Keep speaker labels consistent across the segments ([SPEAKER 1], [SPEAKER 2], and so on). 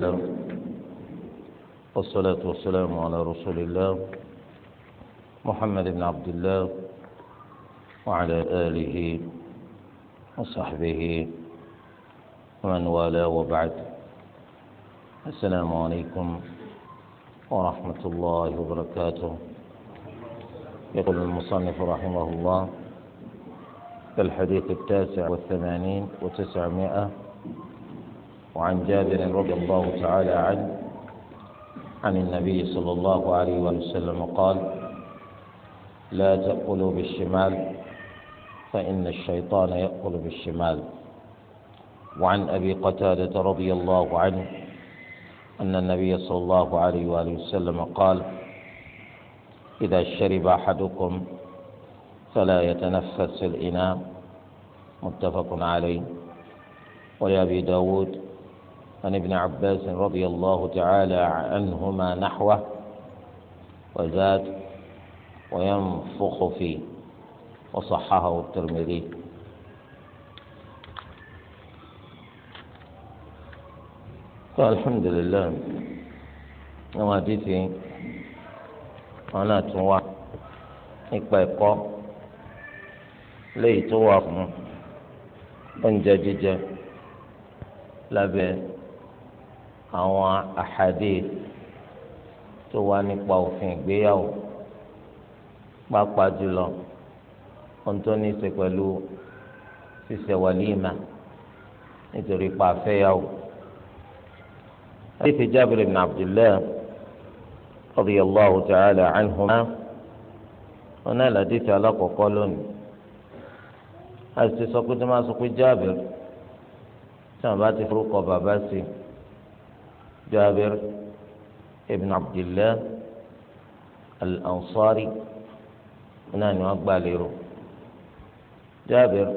[SPEAKER 1] نعم. والصلاة والسلام على رسول الله محمد بن عبد الله وعلى آله وصحبه ومن والاه وبعد السلام عليكم ورحمة الله وبركاته يقول المصنف رحمه الله في الحديث التاسع والثمانين وتسعمائة وعن جابر رضي الله تعالى عنه عن النبي صلى الله عليه وسلم قال لا تأكلوا بالشمال فإن الشيطان يأكل بالشمال وعن أبي قتادة رضي الله عنه أن النبي صلى الله عليه وآله وسلم قال إذا شرب أحدكم فلا يتنفس الإناء متفق عليه ولأبي داود عن ابن عباس رضي الله تعالى عنهما نحوه وزاد وينفخ فيه وصححه الترمذي الحمد لله àwọn جيتي wọn náà tún wá nípa ẹ̀kọ́ léyìí tó wà àwọn àhàdé tó wà nípa òfin ìgbéyàwó pàápàá jùlọ ohun tó ní í ṣe pẹ̀lú ṣíṣe wàlíìmà nítorí pa àfẹ́yàwó. حديث جابر بن عبد الله رضي الله تعالى عنهما هنا الحديث على قولون أستسقط ما سقط جابر سمعت فروق باباسي جابر ابن عبد الله الأنصاري ناني ليرو جابر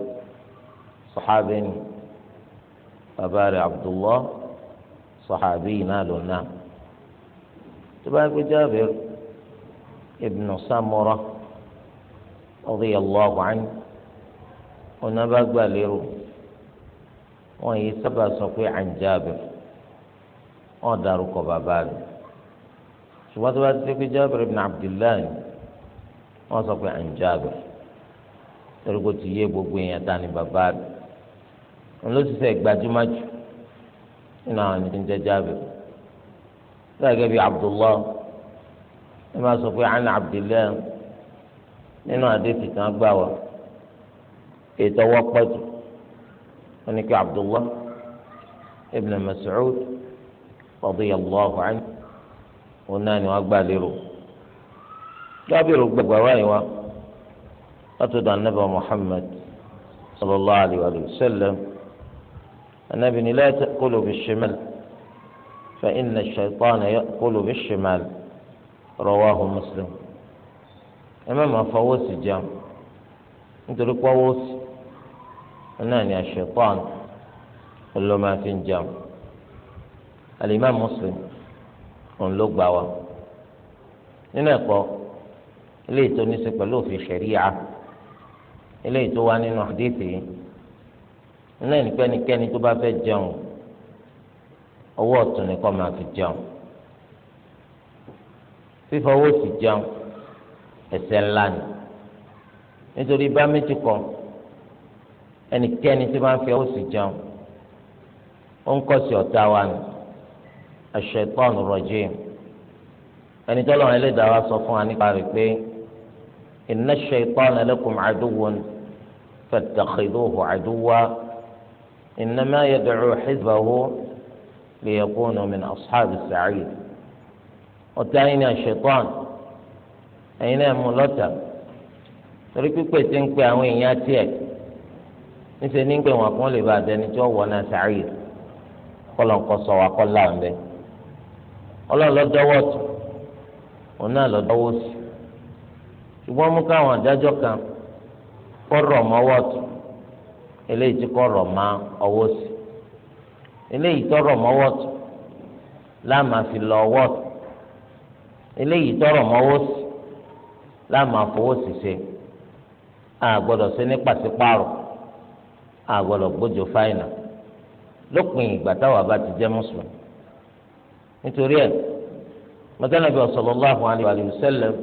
[SPEAKER 1] صحابي أبار عبد الله صحابي نال نام تبارك جابر ابن سمرة رضي الله عنه ونبقى ليرو وهي سبا سقي عن جابر ọ̀ dárúkọ bàbá rẹ̀ ṣùgbọ́n tó bá ti pé Jábìrì ibn Abdullahi wọ́n sọ pé à ń Jábìrì torí kò ti yé gbogbo èèyàn ta ni bàbá rẹ̀ wọn ló ti sẹ́ gbajúmọ̀ jù nínú àwọn ẹni tí ń jẹ́ Jábìrì gẹ́gẹ́ bí Abdullahi ẹ máa sọ pé à ń Abdullahi nínú adé tìtàn gbà wá ètò ọwọ́ pọ̀jù wọn ni kí Abdullahi ibn Mas'ud. radiyallahu anhu òun náà ni wọ́n gbà lérò jábìrì gbàgbà wáyé wa látọ̀dọ̀ anábà muhammad sallallahu alayhi wa sallam anábì ni la ta'kulu bishimal fa inna ash-shaytana ya'kulu bishimal rawahu muslim ẹ má máa fọwọ́ sí jẹun nítorí pọ́wọ́ sí náà ni ash-shaytan ló máa fi ń jẹun. alimam muslim òun ló gbà wá nínú ẹ̀kọ́ eléyìí tó ní í ṣe pẹ̀lú òfin ṣẹ̀ríya eléyìí tó wá nínú àdéhìí yìí nínú ẹnikẹ́nikẹ́ni tó bá fẹ́ jẹun ọwọ́ ọ̀tún nìkan máa fi jẹun fífọwọ́ sí jẹun ẹ̀ṣẹ̀ ńlá ni nítorí bá méjì kan ẹnikẹ́ni tó bá ń fi ọwọ́ jẹun ó ń kọ́ sí ọ̀tá wa ni ash-shaytan ar-rajim ẹni tọ́lọ́ wọn lè dáwà sọ fún wa nípa rẹ̀ pé inna ash-shaytana lakum aduwwun fattakhidhuhu aduwwa innama yad'u hizbahu liyakunu min ashabi as-sa'ir ọ̀tá yìí ni ash-shaytan ẹ̀yin náà mú lọ́tà torí pípé tí ń pe àwọn èèyàn tiẹ̀ níṣẹ́ ní pé wọn kàn lè bá àtẹnitọ́ wọ̀ náà sàárì kọ́lọ̀ ń kọ́ sọ wa kọ́ láǹbẹ̀ẹ́ ọlọ́run lọ dọ́wọ́ tó òun náà lọ dọ́wọ́ sí ṣùgbọ́n mú káwọn adájọ́ kan kọ́ rọ̀ mọ́wọ́ tó eléyìí tí kọ́ rọ̀ mọ́ ọwọ́ sí eléyìí tó rọ̀ mọ́wọ́ tó láàmà fi lọ ọwọ́ tó eléyìí tó rọ̀ mọ́wọ́ sí láàmà fowó sì ṣe àgbọ́dọ̀ sí ní pàṣípààrọ̀ àgbọ́dọ̀ gbójú fáìnà lópin ìgbà táwa bá ti jẹ́ mùsùlùmí nítorí ẹ̀ mọ̀tẹ́nàbí sallallahu alaihi wa sallam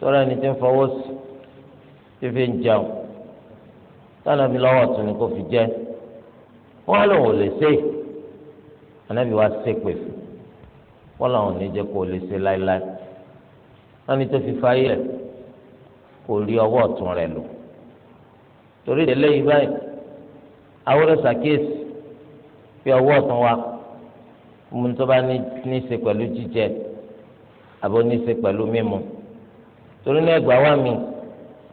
[SPEAKER 1] tọ́lá ẹni tí ń fọwọ́ sí tí fi ń jẹun tọ́lọ́bí lọ́wọ́ tún ni kò fi jẹ́ wọ́n lò wọ́n lè ṣe ànábì wá ṣépè fún wọ́n làwọn ò ní jẹ́ kó lè ṣe láéláé wọ́n ní tó fi fáyé rẹ̀ kò rí ọwọ́ ọ̀tún rẹ̀ lò torí ìdílé yìí báyìí awúrẹ́ sàkíyèsí fi ọwọ́ ọ̀tún wa. mu tó bá ní ṣe pẹ̀lú jíjẹ àbó ní ṣe pẹ̀lú mímu torí ní ẹgbàá wà mí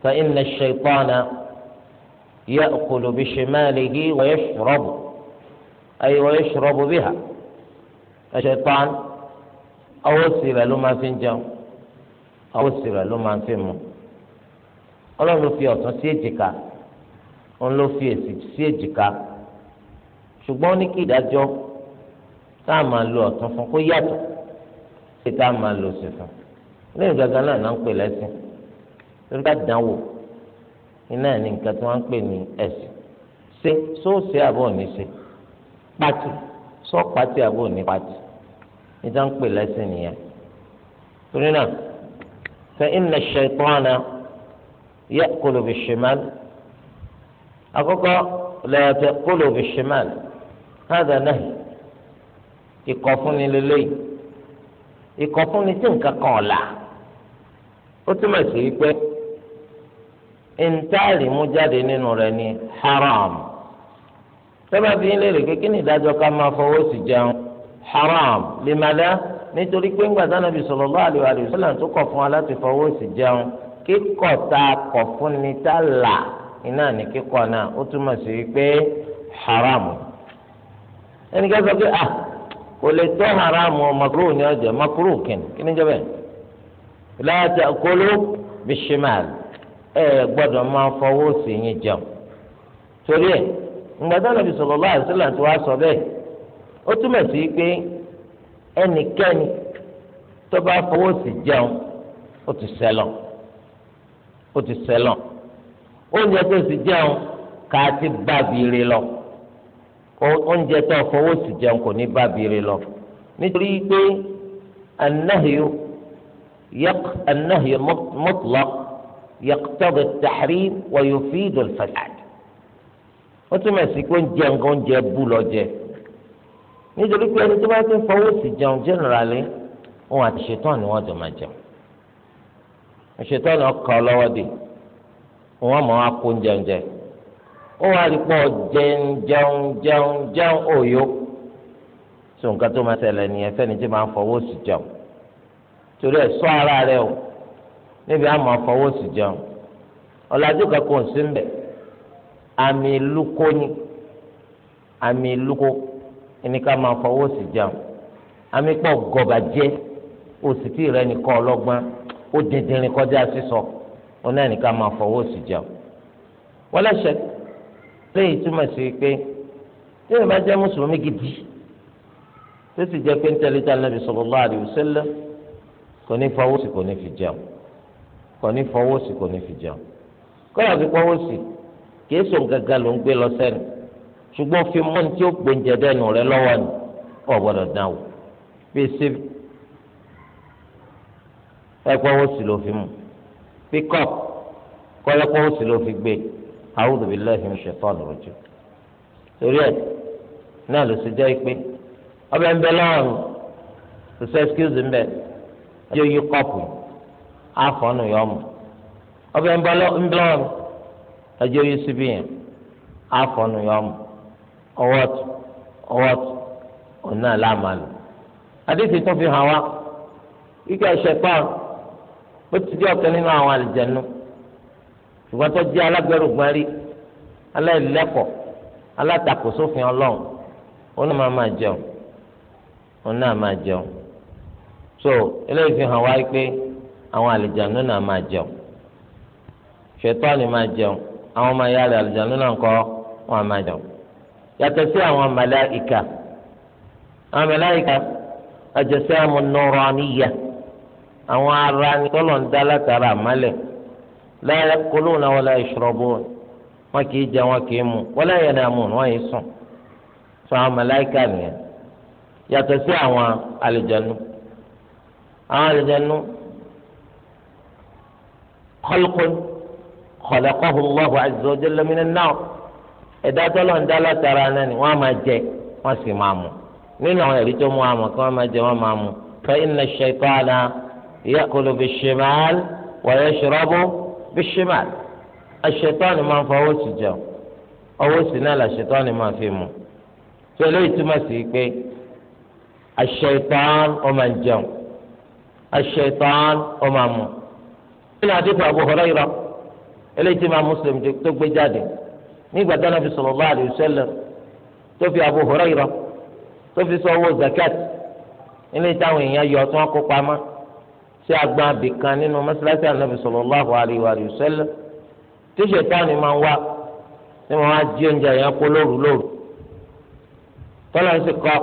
[SPEAKER 1] fa inna ash-shaytana ya'kulu bi shimalihi wa yashrabu ay wa yashrabu biha ash-shaytan ọwọ́ sí rẹ̀ ló máa fi ń jẹun ọwọ́ sí rẹ̀ ló máa fi mu ọlọ́run fi ọ̀tún sí èjìká òun ló fi èsì sí èjìká ṣùgbọ́n ní kí tá a máa lo ọ̀tún fún kó yàtọ̀ sí tá a máa lo òsì fún lẹ́yìn gangan náà náà ń pè lẹ́sìn lórí ká dánwò iná ní nǹkan tí wọ́n ń pè ní ẹ̀sìn ṣe sóòsì àbọ̀ ní ṣe pátì sọ pátì àbọ̀ ní pátì níta ń pè lẹ́sìn nìyẹn torí náà fa inna ash-shaytana ya'kulu bish-shimal àkọ́kọ́ la ta'kulu bish-shimal hadha nahy. ìkọ̀fúnni lélẹ́yìí ìkọ̀fúnni tí nǹkan kan ọ̀la ó túmọ̀ sí pé ntaari haram sábà ń lérè pé kí ni ìdájọ́ ká máa haram lè má dá nítorí pé ńgbà tí Ànábì sallallahu alaihi wasallam tó kọ̀ fún wa láti fọwọ́ sí jẹun kíkọ̀ kọ̀ fún ni tá là iná ní kíkọ̀ náà ó kò o makuru ni ọjọ́ makuru kìnnì kí ni jẹ́ láti kóló bishimal ẹ gbọ́dọ̀ máa fọwọ́ sí yín jẹun torí ẹ̀ ńgbàdá nàbì sallallahu alaihi wasallam tí wàá sọ ó túmọ̀ sí pé ẹnikẹ́ni tó bá lọ. oúnjẹ tó fọwọ́ sí jẹun kò ní bá bìrì lọ nítorí pé anahiyo yaq anahiyo mutlaq yaqtadi at-tahrim wa yufidu al-fasad ó túmọ̀ sí pé oúnjẹ nǹkan oúnjẹ bú lọ jẹ nítorí pé ẹni tó bá ti fọwọ́ sí jẹun jẹ́nìrálẹ̀ òun àti ṣetán ni wọ́n jọ máa jẹun ṣetán ni ọkọ̀ ọlọ́wọ́ dì wọ́n mọ̀ á kó oúnjẹ oúnjẹ ó wá rí pọ̀ jẹun jẹun jẹun jẹun òyò tó nǹkan tó máa ṣẹlẹ̀ nìyẹn fẹ́ni tí máa ń fọwọ́ sí jẹun torí ẹ̀ ṣọ́ ara rẹ o níbi àmọ́ fọwọ́ sí jẹun ọ̀làjú kankan sí ń bẹ̀ àmì lukó ni àmì lukó ẹni ká máa fọwọ́ sí jẹun àmì pọ̀ gọ̀bàjẹ́ òsìtì rẹ nìkan ọlọ́gbọ́n ó dídìrín kọjá sísọ ó náà ní ká máa fọwọ́ sí jẹun wọ́n lẹ́sẹ̀ẹ́ léyìí túmọ̀ sí pé tí èèyàn bá jẹ́ mùsùlùmí gidi tó sì jẹ́ pé ń tẹ̀lé tá Ànábì sallallahu alaihi wasallam kò ní fọwọ́ sí kò ní fi jẹun kò ní fọwọ́ sí kò ní fi jẹun kọ́lá fi fọwọ́ sí kì í sùn gàgà ló ń gbé lọ sẹ́nu ṣùgbọ́n fi mọ́ni tí ó gbóúnjẹ dẹ́nu rẹ lọ́wọ́ ni ọ̀ gbọ́dọ̀ dán o fi ṣe ẹ̀kọ́ wọ́sì ló fi mú fi kọ́ọ̀pù
[SPEAKER 2] kọ́lẹ́kọ́ wọ́sì ló
[SPEAKER 1] fi gbé a'udhu billahi minash shaitanir rajim torí ẹ̀ náà ló ṣe jẹ́ pé ọbẹ̀ ń bẹ lọ́rùn kò sọ excuse ń bẹ ẹjọ́ yí kọ́ọ̀pù àfọ̀nù yọ ọmọ ọbẹ̀ ń bẹ lọ́rùn ẹjọ́ yí síbí yẹn yọ ọmọ ọwọ́ tù ọwọ́ tù òun náà àdéhùn tó fi hàn wá ó ti di ọ̀kan ṣùgbọ́n tó jẹ́ alágbẹ̀rùgbọ́n rí aláìlẹ́kọ̀ọ́ alátakò ọlọ́run ó na máa máa jẹun ó máa jẹun so eléyìí fi hàn wá pé àwọn àlìjánu náà máa jẹun ṣètọ́ni máa jẹun àwọn ọmọ ìyá àlìjánu náà kọ́ wọn máa jẹun yàtọ̀ sí àwọn àwọn níyà àwọn ará ni tọ́lọ̀ ń dá la yakuluna wala yashrabun wọn kì í jẹ wọn kì í mu wala yanamun wọn yìí sùn sọ àwọn màláíkà nìyẹn yàtọ̀ sí àwọn àlùjànnú àwọn àlùjànnú khalqun khalaqahu Allahu azza wa jalla minan nar ẹ̀dá tọ́lọ̀ ń dá látara náà ni wọ́n á máa jẹ wọ́n sì máa mu nínú àwọn ẹ̀rí tó mú àmọ̀ kí wọ́n máa jẹ wọ́n máa mu fa inna ash-shaytana ya'kulu bish-shimal wa yashrabu bishimal aṣetọ́ni máa ń fọwọ́ sí jẹun ọwọ́ sí náà làṣetọ́ni máa fi mu tó lóyè túmọ̀ sí pé aṣetọ́n ó máa ń jẹun aṣetọ́n ó máa mu. nínú àdínkù Abu Hurairah eléyìí tí máa Muslim tó gbé jáde nígbà tí Ànábì sallallahu alaihi wasallam tó fi Abu Hurairah tó fi sọ owó zakat eléyìí táwọn èèyàn yọ tí wọ́n kó pamọ́. sí agbọn abìkan nínú mọ́sálásí ànábì sallallahu alaihi wa sallam tíṣe táwọn máa ń wá tí wọ́n á jí oúnjẹ yẹn kó lóru lóru tọ́lá ń sì kọ́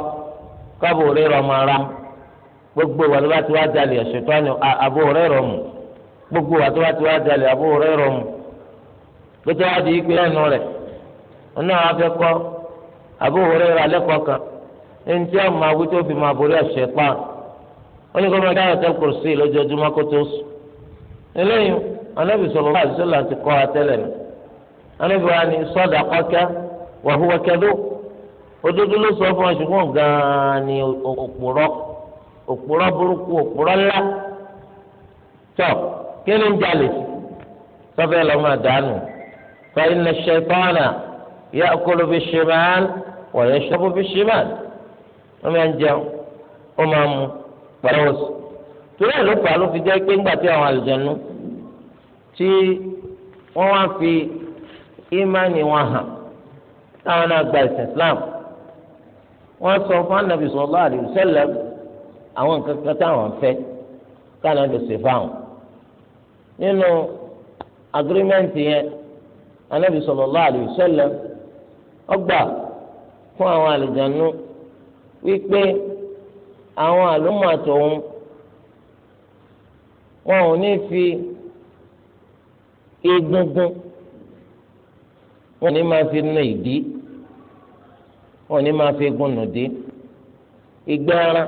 [SPEAKER 1] káàbò gbogbo wa ti jalè ṣètọ́ni àbò mu gbogbo ti jalè àbò mu gbogbo ikpe ẹnu rẹ̀ kọ́ àbò alẹ́ kọ́ kan ẹni tí máa wí tó fi máa wọ́n ní kó máa dáhùn tẹ́lẹ̀ kùrùsì lójoojúmọ́ kó tó sùn. eléyìí anábì sọ̀rọ̀ bá àdúgbò láti kọ́ àtẹ́lẹ̀ mi. anábì wa ni sọ́dà kọ́kẹ́ wà hùwà kẹ́dó. òdodo ló sọ fún ọ̀ṣùgbọ́n gan-an ni òpùrọ́ òpùrọ́ burúkú òpùrọ́ ńlá. tọ́ kí ni ń jalè sọ́fẹ́ lọ́ máa dànù. fa iná ṣẹ̀tọ́nà yá okòló fi ṣe máa wọ̀nyẹ́ ṣọ́bù fi ṣe máa. wọ́n máa ń jẹun ó máa mu pẹ̀lú oṣù torí ẹ̀ ló fà ló fi jẹ́ pé ńgbà tí àwọn àlùjànnú tí wọ́n wá fi ìmánì wọn hàn táwọn náà gba ìsìn Islam wọ́n sọ fún anabi sallallahu alaihi wasallam àwọn nǹkan kan táwọn fẹ́ káwọn lè ṣe fáwọn nínú agirimẹ́ǹtì yẹn anabi sallallahu alaihi wasallam ọgbà fún àwọn wípé. àwọn àlùmọ̀ àtòun wọn ò ní fi egungun wọn ò ní máa fi nu ìdí wọn ò ní máa fi egun nù dí ìgbẹ́ ara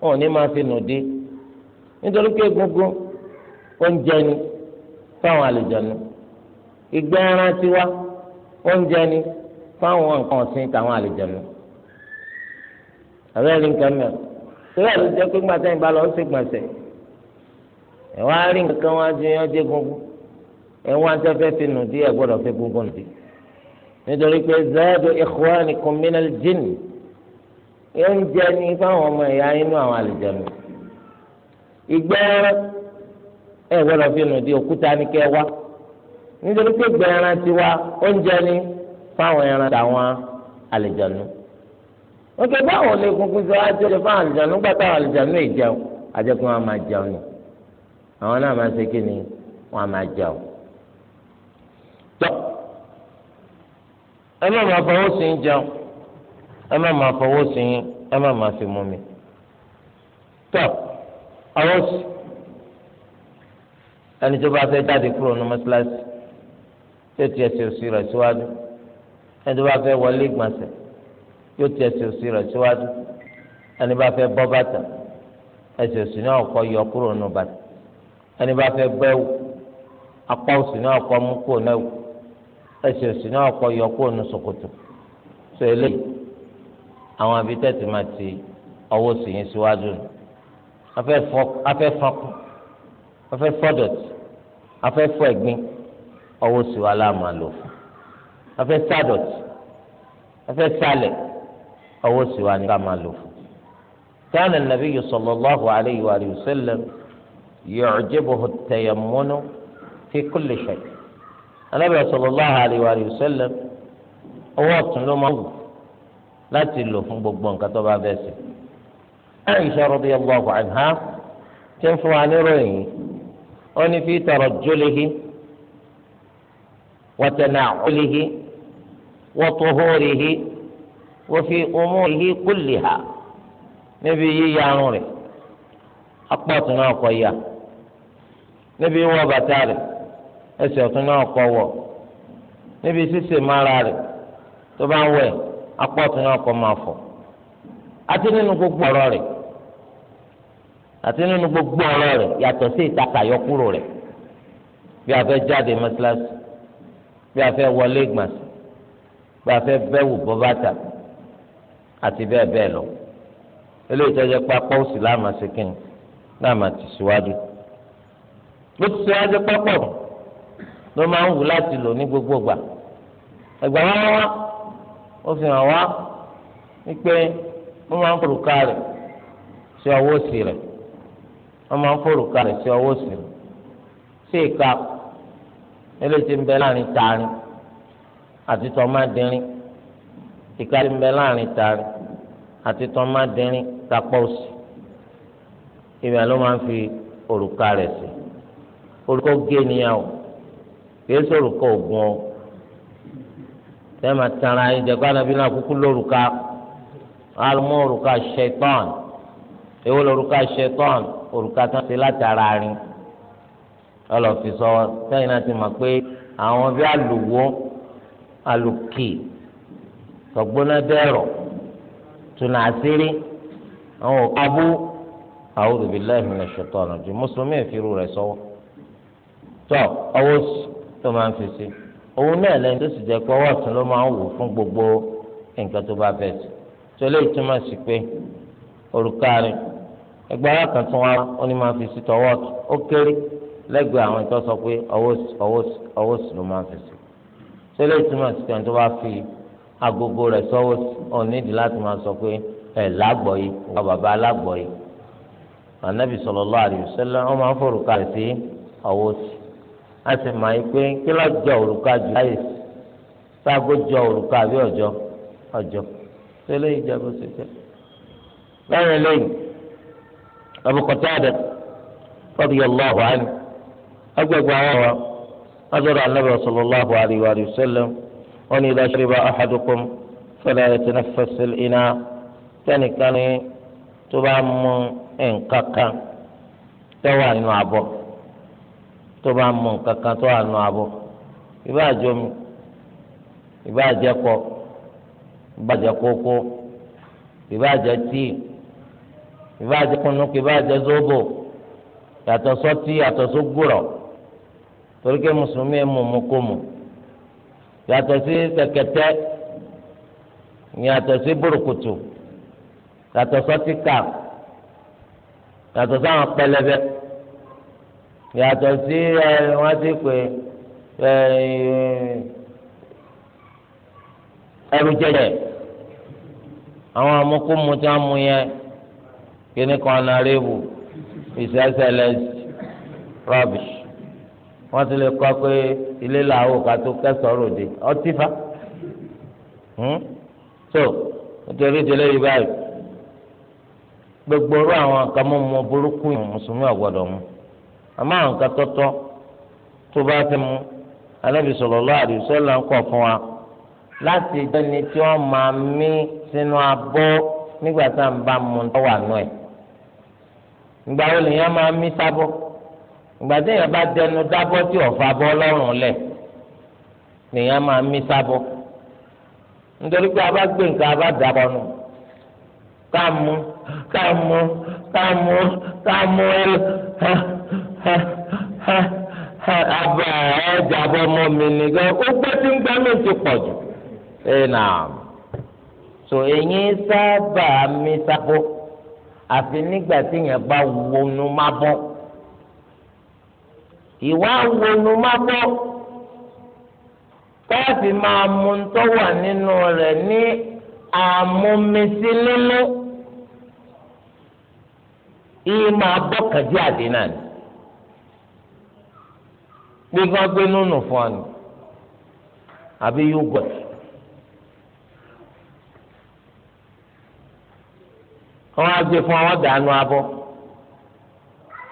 [SPEAKER 1] wọn ò ní máa fi nù dí nítorí pé egungun oúnjẹ ni fáwọn àlùjànnú ìgbẹ́ ara tiwa oúnjẹ ni fáwọn nǹkan ọ̀sìn tàwọn àlùjànnú. àbẹ́rẹ́ nǹkan mẹ́rin sílẹ̀ ló jẹ́ pé gbàtà ìgbà lọ sí gbọ̀nsẹ̀ ẹ̀wọ́n á rí nǹkan wá sí ọjọ́ egungun ẹ̀wọ́n á tẹ́fẹ́ fi nù dí ẹ̀gbọ́dọ̀ fi gungun dì nítorí pé zadu ikhwanikum minal jinn oúnjẹ ní fáwọn ọmọ ẹ̀yà inú àwọn àlùjànnú ìgbẹ́ ẹ̀gbọ́dọ̀ fi nù dí òkúta ní kẹ́ wá nítorí pé ìgbẹ́ ẹran tiwa oúnjẹ ní fáwọn ẹran tàwọn àlùjànnú wọn kẹ báwọn lè gungun sọ ajẹlẹ fún àlùjánu gbàtà àlùjánu ìjẹun ajẹkùn wọn máa jẹun ni àwọn náà máa ṣe kíni wọn máa jẹun. tọ ẹ má máa fọwọ́ sí í jẹun ẹ má máa fọwọ́ sí í ẹ má máa fi mú mi.
[SPEAKER 2] tọ àwọn
[SPEAKER 1] ẹni tó bá fẹ́ jáde kúrò ní mọ́ṣáláṣí tó tiẹ̀ ṣe òṣì rẹ̀ síwájú ẹni tó bá fẹ́ wọlé ìgbọ̀nsẹ̀ yóò ti ẹsẹ̀ òsì rẹ̀ síwájú ẹni bá fẹ́ bọ́ bàtà ẹsẹ̀ òsì náà kọ́ yọ kúrò nù bàtà ẹni bá fẹ́ bẹ́wò apá òsì náà kọ́ mú kúrò náà wò ẹsẹ̀ òsì náà kọ́ yọ kúrò nù ṣòkòtò sọ eléyìí àwọn abitẹ́tì máa ti ọwọ́ sí yín síwájú nù afẹ́ fọ́kù afẹ́ fọ́dọ̀tì afẹ́ fọ́ ẹ̀gbin ọwọ́ sí wa láàmú àlò afẹ́ sádọ̀tì afẹ́ sálẹ̀ ọwọ́ sì wá ní ká máa lò fún. كان النبي صلى الله عليه وآله وسلم يعجبه التيمم في كل شيء النبي صلى الله عليه وآله وسلم ọwọ́ ọ̀tún ló máa wù láti lò fún gbogbo nǹkan tó bá bẹ́ẹ̀ sè. Aisha radiyallahu anha ti ń fún wa níròyìn ó ní fi tarajjulihi wa tana'ulihi wa tuhurihi wọ́fi ọmọ yìí kúlì ha níbi yíya arun rẹ̀ apá ọ̀tún náà kọ ya níbi wọ́ bàtà rẹ̀ ẹsẹ̀ ọ̀tún náà kọ wọ̀ níbi sísè mára rẹ̀ tó bá ń wẹ̀ apá ọ̀tún náà kọ máa fọ̀ àti nínú gbogbo ọ̀rọ̀ rẹ̀ àti nínú gbogbo ọ̀rọ̀ rẹ̀ yàtọ̀ sí ìtakàyọkúrò rẹ̀ bí a fẹ́ jáde mọ́sálásí bí a fẹ́ wọlé gbọ̀nsẹ̀ bí a fẹ́ àti bẹ́ẹ̀ bẹ́ẹ̀ lọ eléyìí tó jẹ́ òsì láàmà sí láàmà ti síwájú ló ti síwájú pápọ̀ ló máa ń wù láti lò ní gbogbo gbà ẹgbà wá wá ó fi hàn wá wípé wọ́n máa ń rẹ̀ sí ọwọ́ òsì rẹ̀ wọ́n máa ń rẹ̀ sí ọwọ́ òsì rẹ̀ sí ìka eléyìí ti ń bẹ láàrin taarin àti ìkárí ń bẹ láàrin tààrí àti tọ́mádẹ́rín tapọ̀ òsì ibẹ̀ ló máa ń fi òrùka rẹ̀ sí òrùka gé nìyẹn o kìí sọ òrùka ògùn o tẹ́ẹ̀mà tara yín jẹ́ gbọ́dọ̀ bí náà kúkú lórúka alùmọ́ òrùka ṣẹ̀tọ́n èwo lórúka ṣẹ̀tọ́n òrùka tán ti látara rin ọlọ́ọ̀fi sọ sẹ́yìn náà ti mọ̀ pé àwọn bí alùwọ́ alùkì sọgbóná dẹrọ tùnà àṣírí àwọn òkàbú a'udhu billahi minash shaitani rajim mùsùlùmí ìfiru rẹ̀ sọ́wọ́ tó ọwọ́ tó máa ń fi sí òun náà lẹ́yìn tó sì jẹ́ pé ọwọ́ ọ̀tún ló máa ń wò fún gbogbo nǹkan tó bá fẹ́ sí tó lè túmọ̀ sí pé olùkárí ẹgbẹ́ alákan tún wá ó ní máa fi sí tọwọ́ ó kéré lẹ́gbẹ̀ẹ́ àwọn ìtọ́ pé ọwọ́ sí ló máa ń fi sí tó lè túmọ̀ sí pé ẹni tó bá fi agogo rẹ̀ sọ́wọ́ onídìí láti máa sọ pé ẹ̀ lágbọ̀ yìí wọ́n bàbá alágbọ̀ yìí anabi sallallahu alaihi wasallam wọ́n máa ń fòrùka rẹ̀ sí ọwọ́ sí a sì máa yí pé kí ló jọ òrùka jù láyè sí sáàgó jọ òrùka àbí ọjọ́ ọjọ́ tẹ́lẹ̀ ìjẹbù sí jẹ lẹ́yìn wọn ìdá ṣẹlẹba ahadukum fẹlẹ ẹtẹnẹfẹsẹ iná tẹnìkan ni tó bá mú nǹkan kan tó wà nínú abọ́ tó bá mú nǹkan kan tó wà nínú abọ́ ìbá àjọ mi ìbá àjẹkọ ìbá àjẹkókó ìbá àjẹtí ìbá àjẹkùnú ìbá yàtọ̀ sọ́tí yàtọ̀ sógùrọ̀ torí ké mùsùlùmí ẹ̀ mú mú kó mú yàtọ̀ sí sẹ̀kẹ̀tẹ̀ yàtọ̀ sí burúkutu yàtọ̀ sọ́tíkà yàtọ̀ sáwọn pẹlẹbẹ yàtọ̀ sí ẹ wọ́n ti pè ẹ ẹrú jẹjẹ àwọn amukumu tí wọ́n mú yẹn kíní kan náà rébù ìsẹsẹlẹ rubbish wọ́n ti lè kọ́ pé ilé làwọn òkà tó kẹsàn-án òde ọtí fa hmm? so nítorí ìdílé yìí báyìí gbogbo orú àwọn nǹkan mímu burúkú yìí mùsùlùmí ọ̀gbọ́dọ̀ mu àmọ́ àwọn nǹkan tọ́tọ́ tó bá ti mu Ànábì sallallahu alaihi wasallam ń kọ̀ fún wa láti dẹ́ni tí wọ́n máa mí sínú abọ́ nígbà tá à ń bá mu tọ́wà nù ẹ̀ ìgbà wo lèèyàn máa mí sábọ́ ìgbà téèyàn bá dẹnu dábọ́ tí ọ̀fà bọ́ lọ́rùn lẹ̀ nìyẹn máa mí sábọ́ nítorí pé a bá gbé nǹkan a bá dàbọ̀ nù ká mú ká mú ká mú ká mú abẹ ẹjàbọ ọmọ mi nìkan ó gbé tí ń gbẹ mi ti pọ̀ jù ẹnà tó eyín sábà mi sábọ àfi nígbà tí yẹn bá wọnú má bọ́ ìwà wọnú má bọ́
[SPEAKER 2] tọ́ọ̀fì máa mú tó
[SPEAKER 1] wà nínú rẹ̀ ní àmúmísí nínú ìyí máa bọ́ kàdí àdínà ni gbígbá gbé nínú fún ọ ni àbí yogurt wọn á gbé fún ọ wọn dànù abọ́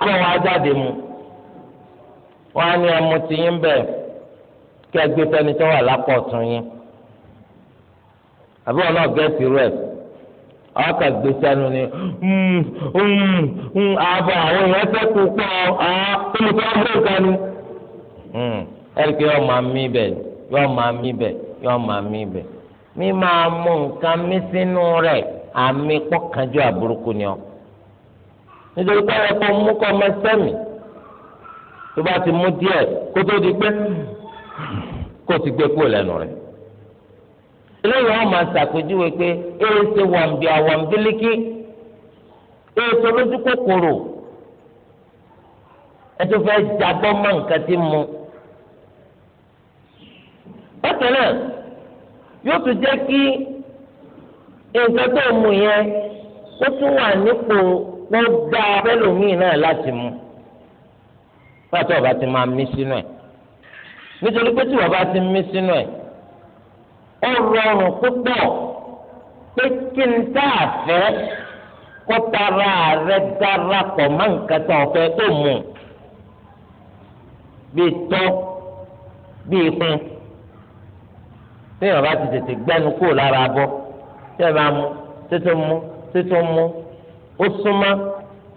[SPEAKER 3] kọ́ wọn á jáde mu.
[SPEAKER 1] wọn á ní ẹmu ti yín bẹ kí ẹ gbé fẹni tó wà lápò ọ̀tún yín àbí wọn náà gẹẹsì rẹ àwọn kan gbé ni ààbọ̀ hmm, hmm, hmm,
[SPEAKER 2] àwọn èèyàn sẹ́kù pọ̀ olùkọ́ ọgbọ́n kan ni.
[SPEAKER 1] ẹ̀rí máa mí bẹ̀ máa mí bẹ̀ máa mí bẹ̀ mí máa mú nǹkan mí sínú rẹ̀ tó bá ti mú díẹ̀ kó tó di pé kó ti gbé kúrò lẹ́nu rẹ̀ eléyìí wọn máa ṣàpèjúwe pé èyí ṣe wọ̀nbí àwọ̀nbílíkì èyí ṣe lójú kòkòrò ẹ tó fẹ́ jagbọ́ mọ́ nǹkan tí mu. bákan náà yóò tún jẹ́ kí nǹkan tó mu yẹn ó tún wà nípò ó dá abẹ́lòmíì náà láti mu pàtó ọba ti máa mí sínú ẹ̀ nítorí pé tí ọba ti mí sínú ẹ̀ ó rọrùn púpọ̀ pé kí n tá a fẹ́ kó tara rẹ darapọ̀ má nǹkan tó ọ̀fẹ́ tó mú bíi tọ́ bíi hun tí ọba ti tètè gbẹ́nu kúrò lára bọ́ tí ẹ bá mú títún mú títún mú ó súnmọ́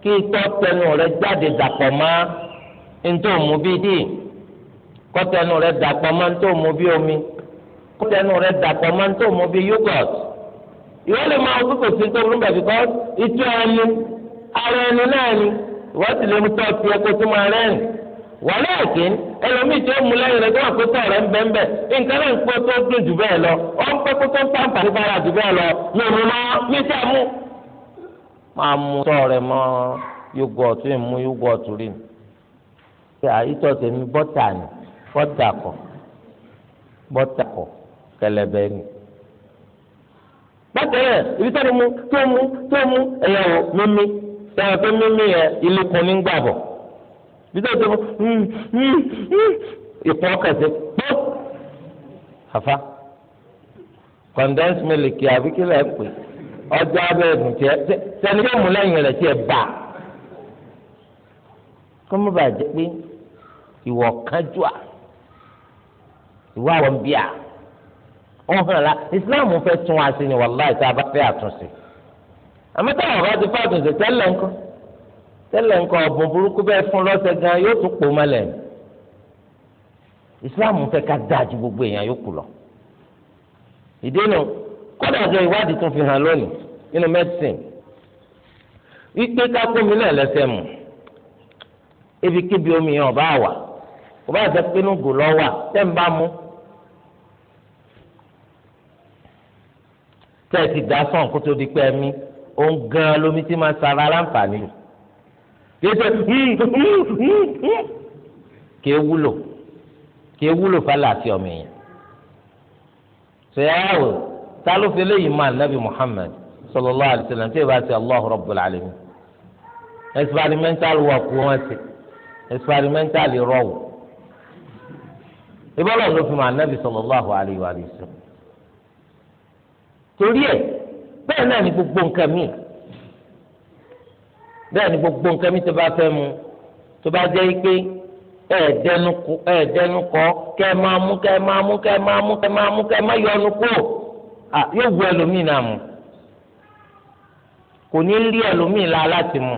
[SPEAKER 1] kí tọ́ tẹnu rẹ jáde dàpọ̀ máa. ntọ́ mu bíi díì kọ́tẹ́nu rẹ̀ dàpọ̀ mọ́ ntọ́ mu bíi omi kọ́tẹ́nu rẹ̀ dàpọ̀ mọ́ ntọ́ mu bíi yogurt ìwọ lè máa wọ́n kò sí nítorí nígbà bíkọ́ itú ẹni ara ẹni náà ni ìwọ sì lè mú tọ́ ti ẹ kó tó máa wà ẹlòmíì mu lẹ́yìn tó wà pé tọ́ ń bẹ́ẹ̀ bẹ́ẹ̀ nǹkan ń tó dùn jù bẹ́ẹ̀ lọ ó ń pẹ́ tó tó ń lọ mi mú mọ́ mi mú. máa mu tọ́ mọ́ pé àyítọ́ tèmi bọ́tà ni bọ́tà kọ̀ bọ́tà kọ̀ kẹlẹ́bẹ́ ni.
[SPEAKER 2] bákẹ́rẹ̀ ibi tó mú tó mú tó mú ẹ̀yà ò
[SPEAKER 1] mímí ẹ̀yà tó mímí yẹ ilẹ̀kùn ní gbàbọ̀ ibi tó tó mú ìpọ́ kẹsẹ̀ pọ́ àfa condensed milk àbí kí lè pè ọjọ́ abẹ́ẹ̀dùn tiẹ̀ tẹ̀lé yóò mú lẹ́yìn rẹ̀ tiẹ̀ bá kọ́mọ́bà jẹ́ pé ìwọ kánjúà ìwọ àwọn bíà wọn hàn la islam fẹ́ tún wa sí ni wàláì tá a bá fẹ́ àtúnṣe àmọ́tá àwọn ọba ti fẹ́ àtúnṣe tẹ́lẹ̀ ńkọ́ tẹ́lẹ̀ ńkọ́ ọ̀bùn burúkú bẹ́ẹ̀ fún lọ́sẹ̀ gan yóò tún pò mọ́lẹ̀ islam fẹ́ ká dáa gbogbo èèyàn yókù lọ ìdènà kọ́dà ìwádìí tún fi hàn lónìí nínú medicine wípé ká kó mi náà lẹ́sẹ̀ mu ebíkíbi omi ọba àwà kò bá jẹ́ pé inú gò lọ wà tẹ́ ń bá mú tẹ́ ẹ ti dá sàn kó tó di pé ẹmí ó ń gan lómi tí máa sara láǹfààní lò kéde kéé wúlò kéé wúlò fálàfin ọmọ èèyàn sèyáwó ta ló fi léyìí máa nàbì Muhammad sallallahu alaihi wasallam tí ìbá ti Allahu rabbul alamin experimental work wọn ṣe experimental rọwọ ìbọ́lọ̀ ló fi mọ anábì sallallahu alaihi wa sallam. torí ẹ̀ bẹ́ẹ̀ náà ni gbogbo nǹkan mi bẹ́ẹ̀ ni gbogbo nǹkan mi tó bá fẹ́ mu tó bá jẹ́ pé ẹ̀ẹ́dẹ́nu kọ́ kẹ́ ẹ máa mú kẹ́ ẹ máa mú kẹ́ ẹ máa mú kẹ́ ẹ máa mú kẹ́ ẹ má yọnu kú yóò wu ẹlòmíì náà mu kò ní rí ẹlòmíì la láti mu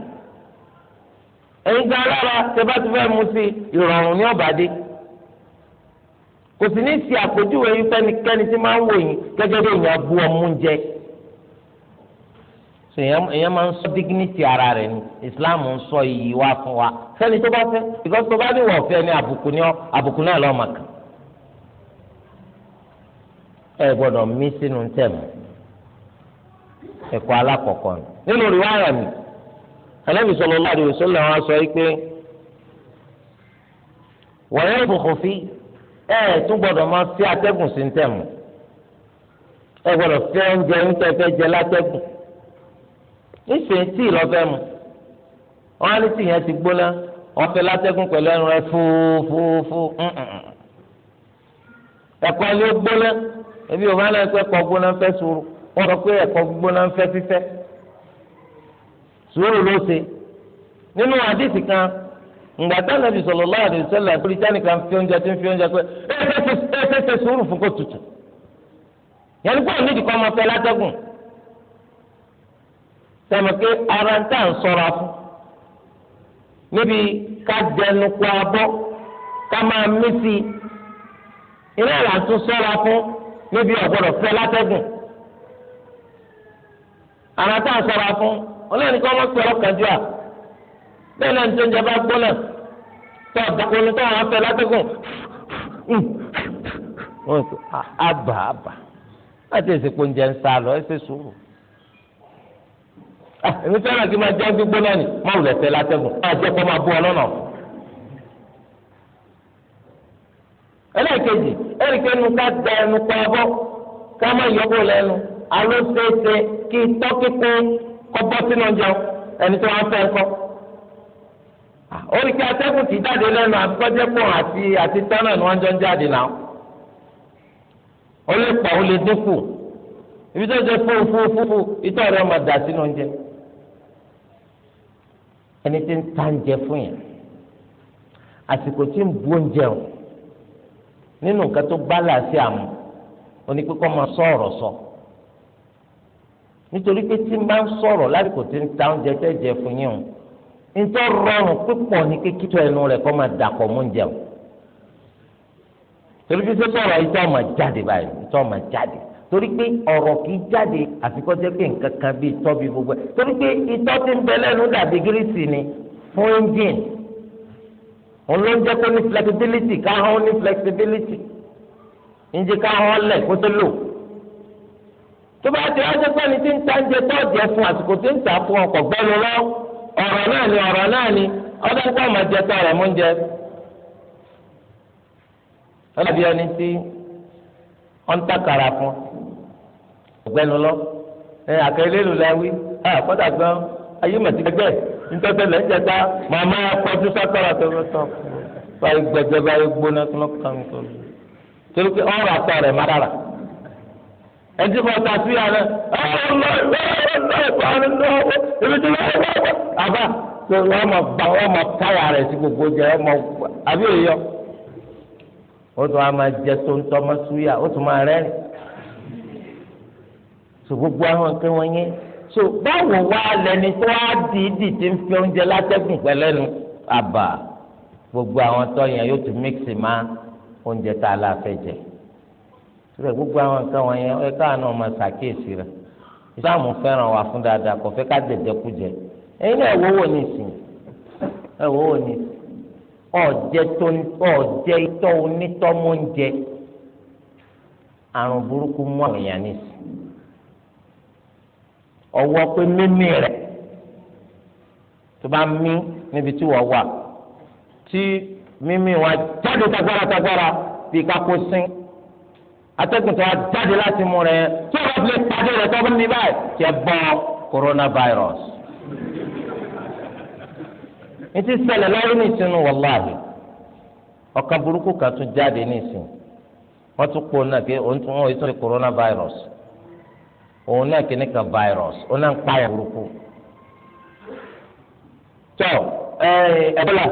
[SPEAKER 1] ẹ̀yin gbọ́ alára tẹ bá ti fẹ́ mu sí ìrọ̀rùn ní ọ̀bàdé kò sì ní í ṣe àpèjúwe yín fẹ́nikẹ́ni tí máa ń wò yín gẹ́gẹ́ bí èèyàn bu ọmú jẹ so èèyàn máa ń sọ dignity ara rẹ̀ ni Islam ń sọ iyì wa fún wa fẹ́ni tó bá fẹ́ because tó bá ní wọ̀ fẹ́ ni àbùkù ni àbùkù náà lọ́ọ́ màkà ẹ gbọ́dọ̀ mí sínú tẹ̀mù ẹ̀kọ́ alákọ̀ọ́kọ́ ni nínú rìwáyà mi Ànábì sallallahu alaihi wasallam sọ yìí pé wọ́n yẹ kò fi ẹ tún gbọ́dọ̀ máa fi atẹ́gùn sí tẹ̀mù ẹ gbọ́dọ̀ fẹ́ oúnjẹ oúnjẹ fẹ́ jẹ látẹ́gùn níṣẹ́ tí ìlọ́fẹ́ mu wọ́n á ní tí ìyẹn ti gbóná wọ́n fẹ́ látẹ́gùn pẹ̀lú ẹnu rẹ fúfúfú mm, mm, mm. ẹ̀kọ́ ilé gbóná ebi òun á lọ ẹ̀kọ́ ẹ̀kọ́ gbóná fẹ́ sùúrù wọ́n sọ pé ẹ̀kọ́ gbóná fẹ́ fífẹ́ sùúrù ló ṣe nínú àdìsí kan. ngbàtà nàbì sallallahu alaihi wasallam kìrìtánì kan fi oúnjẹ tí oúnjẹ pé ẹ eh, ẹ ṣe sùúrù tutu. kó tutù yẹn nípa òní ìdìkọ ọmọ fẹ látẹgùn sẹmọ fún níbi ká abọ ká máa mí i iná là ń tún fún níbi bẹ́ẹ̀ náà tó ń jẹ bá gbóná tó ọ̀dàkùnrin tó àwọn afẹ́ látẹ̀kùn wọn sọ àbà àbà láti èsì pé oúnjẹ ń sá lọ ẹ ṣe sùúrù. èmi fẹ́ràn kí n máa jẹ́ gbígbóná ni má wùlẹ̀ fẹ́ látẹ̀kùn má jẹ́ kó máa bú ọ lọ́nà.
[SPEAKER 2] ẹlẹ́ẹ̀kejì ẹ̀ríkẹ́ nu ká da ẹnu pa ọbọ̀ ká má yọkó lẹ́nu aló ṣeéṣe kí tọ́kíkún kọ́ bọ́ sínú ọjọ́
[SPEAKER 1] ẹni tó wá fẹ́ kọ́ orí ah, kí atẹ́kùn ti jáde lẹ́nu àtúkọ́jẹ́pọ̀ àti àti tọ́nà ni wọ́n jọ ń jáde náà ó lè pọ̀ ó lè dínkù ibi tó ṣe fúfúfú itọ́ rẹ̀ ọmọ dà sínú oúnjẹ ẹni tí ń ta oúnjẹ fún yẹn àsìkò tí ń bu oúnjẹ o nínú nǹkan tó bá làásì àmú oní pípọ́ máa sọ ọ̀rọ̀ sọ nítorí pé tí ń bá ń sọ̀rọ̀ lásìkò tí ń ta oúnjẹ tẹ́ fún yín o ntọ́ rọrùn púpọ̀ ní kíkítọ́ ẹnu rẹ̀ kọ́ máa dàpọ̀ mú oúnjẹ o torí pé sọ́sọ́ ọ̀rọ̀ yìí tọ́ ọmọ jáde báyìí tọ́ ọmọ jáde torí pé ọ̀rọ̀ kì í jáde àfikọ́ jẹ́ pé nǹkan kan bíi tọ́ bíi gbogbo ẹ̀ torí pé itọ́ ti ń bẹ lẹ́nu dàbí gírísì ni fún engine òun ló ń jẹ́ kó ní flexibility káhọ́n ní flexibility ń jẹ́ káhọ́n lẹ̀ kó tó lò tó bá ti wá jẹ́ pé ẹni tí ń ta ń jẹ ọ̀rọ̀ náà ni ọ̀rọ̀ náà ni ọdún tó àmọ́ jẹ tá rẹ̀ mú jẹ. ọlọ́bí ẹni tí wọ́n ń takara fún ọ̀gbẹ́ni lọ ẹ àkẹ́lẹ́ ló la wí ẹ àkọ́dà gan ayé màtí gbẹgbẹ́ nítọ́tẹ́lẹ̀ ń jẹta màmá pọ̀jù sákàrà tó lọ báyìí gbẹgbẹ báyìí gbóná tó lọ kàn tó lọ pé ọ̀rọ̀ àtọ̀ rẹ̀ má dára
[SPEAKER 2] ẹtí bọ́ ta sí àná
[SPEAKER 1] àbá tó wọ́n mọ̀ bá wọ́n mọ̀ táyà rẹ̀ sí gbogbo jẹ́ wọ́n mọ̀ àbí èyí yọ. ó tún á máa jẹ tó ń tọ́ mọ́ súyà ó tún máa rẹ́ so gbogbo àwọn nǹkan wọ̀nyí so báwo wá lẹni tó á di ìdí tí ń fi oúnjẹ látẹ́gùn pẹ̀lẹ́nu àbá gbogbo àwọn tó yẹn yóò tún mix máa oúnjẹ tá a láfẹ́ jẹ síbẹ̀ gbogbo àwọn nǹkan wọ̀nyẹn ẹ káàánú ọmọ ṣàkíyèsí rẹ̀ ìsáàmù fẹ́ràn wà fún dáadáa kò fẹ́ ká dẹ̀dẹ̀ kú jẹ ẹ̀yin náà ẹ̀wọ́ wò ní ìsìn ẹ̀wọ́ wò ní ìsìn ọ̀jẹ̀ itọ́ onítọ́ mọ́ ń jẹ àrùn burúkú mú àwọn èèyàn ní ìsìn ọwọ́ pé mímí rẹ̀ tó bá mí níbi tí wọ́n wà tí mímí wa jáde tagbára tagbára bí kakó sín atẹ́gùn tó wá jáde láti mú rẹ tó o lè pàdé rẹ tó o bá ní báyìí kí ẹ bọ́ coronavirus. ètí ṣẹlẹ̀ láyé ní ìsinú wàláhì ọ̀kan burúkú kan tún jáde ní ìsìn wọ́n tún pọ̀ náà kí òun tún wọ́n ìsọ̀rọ̀ coronavirus òun náà kì ní kan virus òun náà ń pààyà burúkú. tó
[SPEAKER 2] ẹ ẹ bọ́lá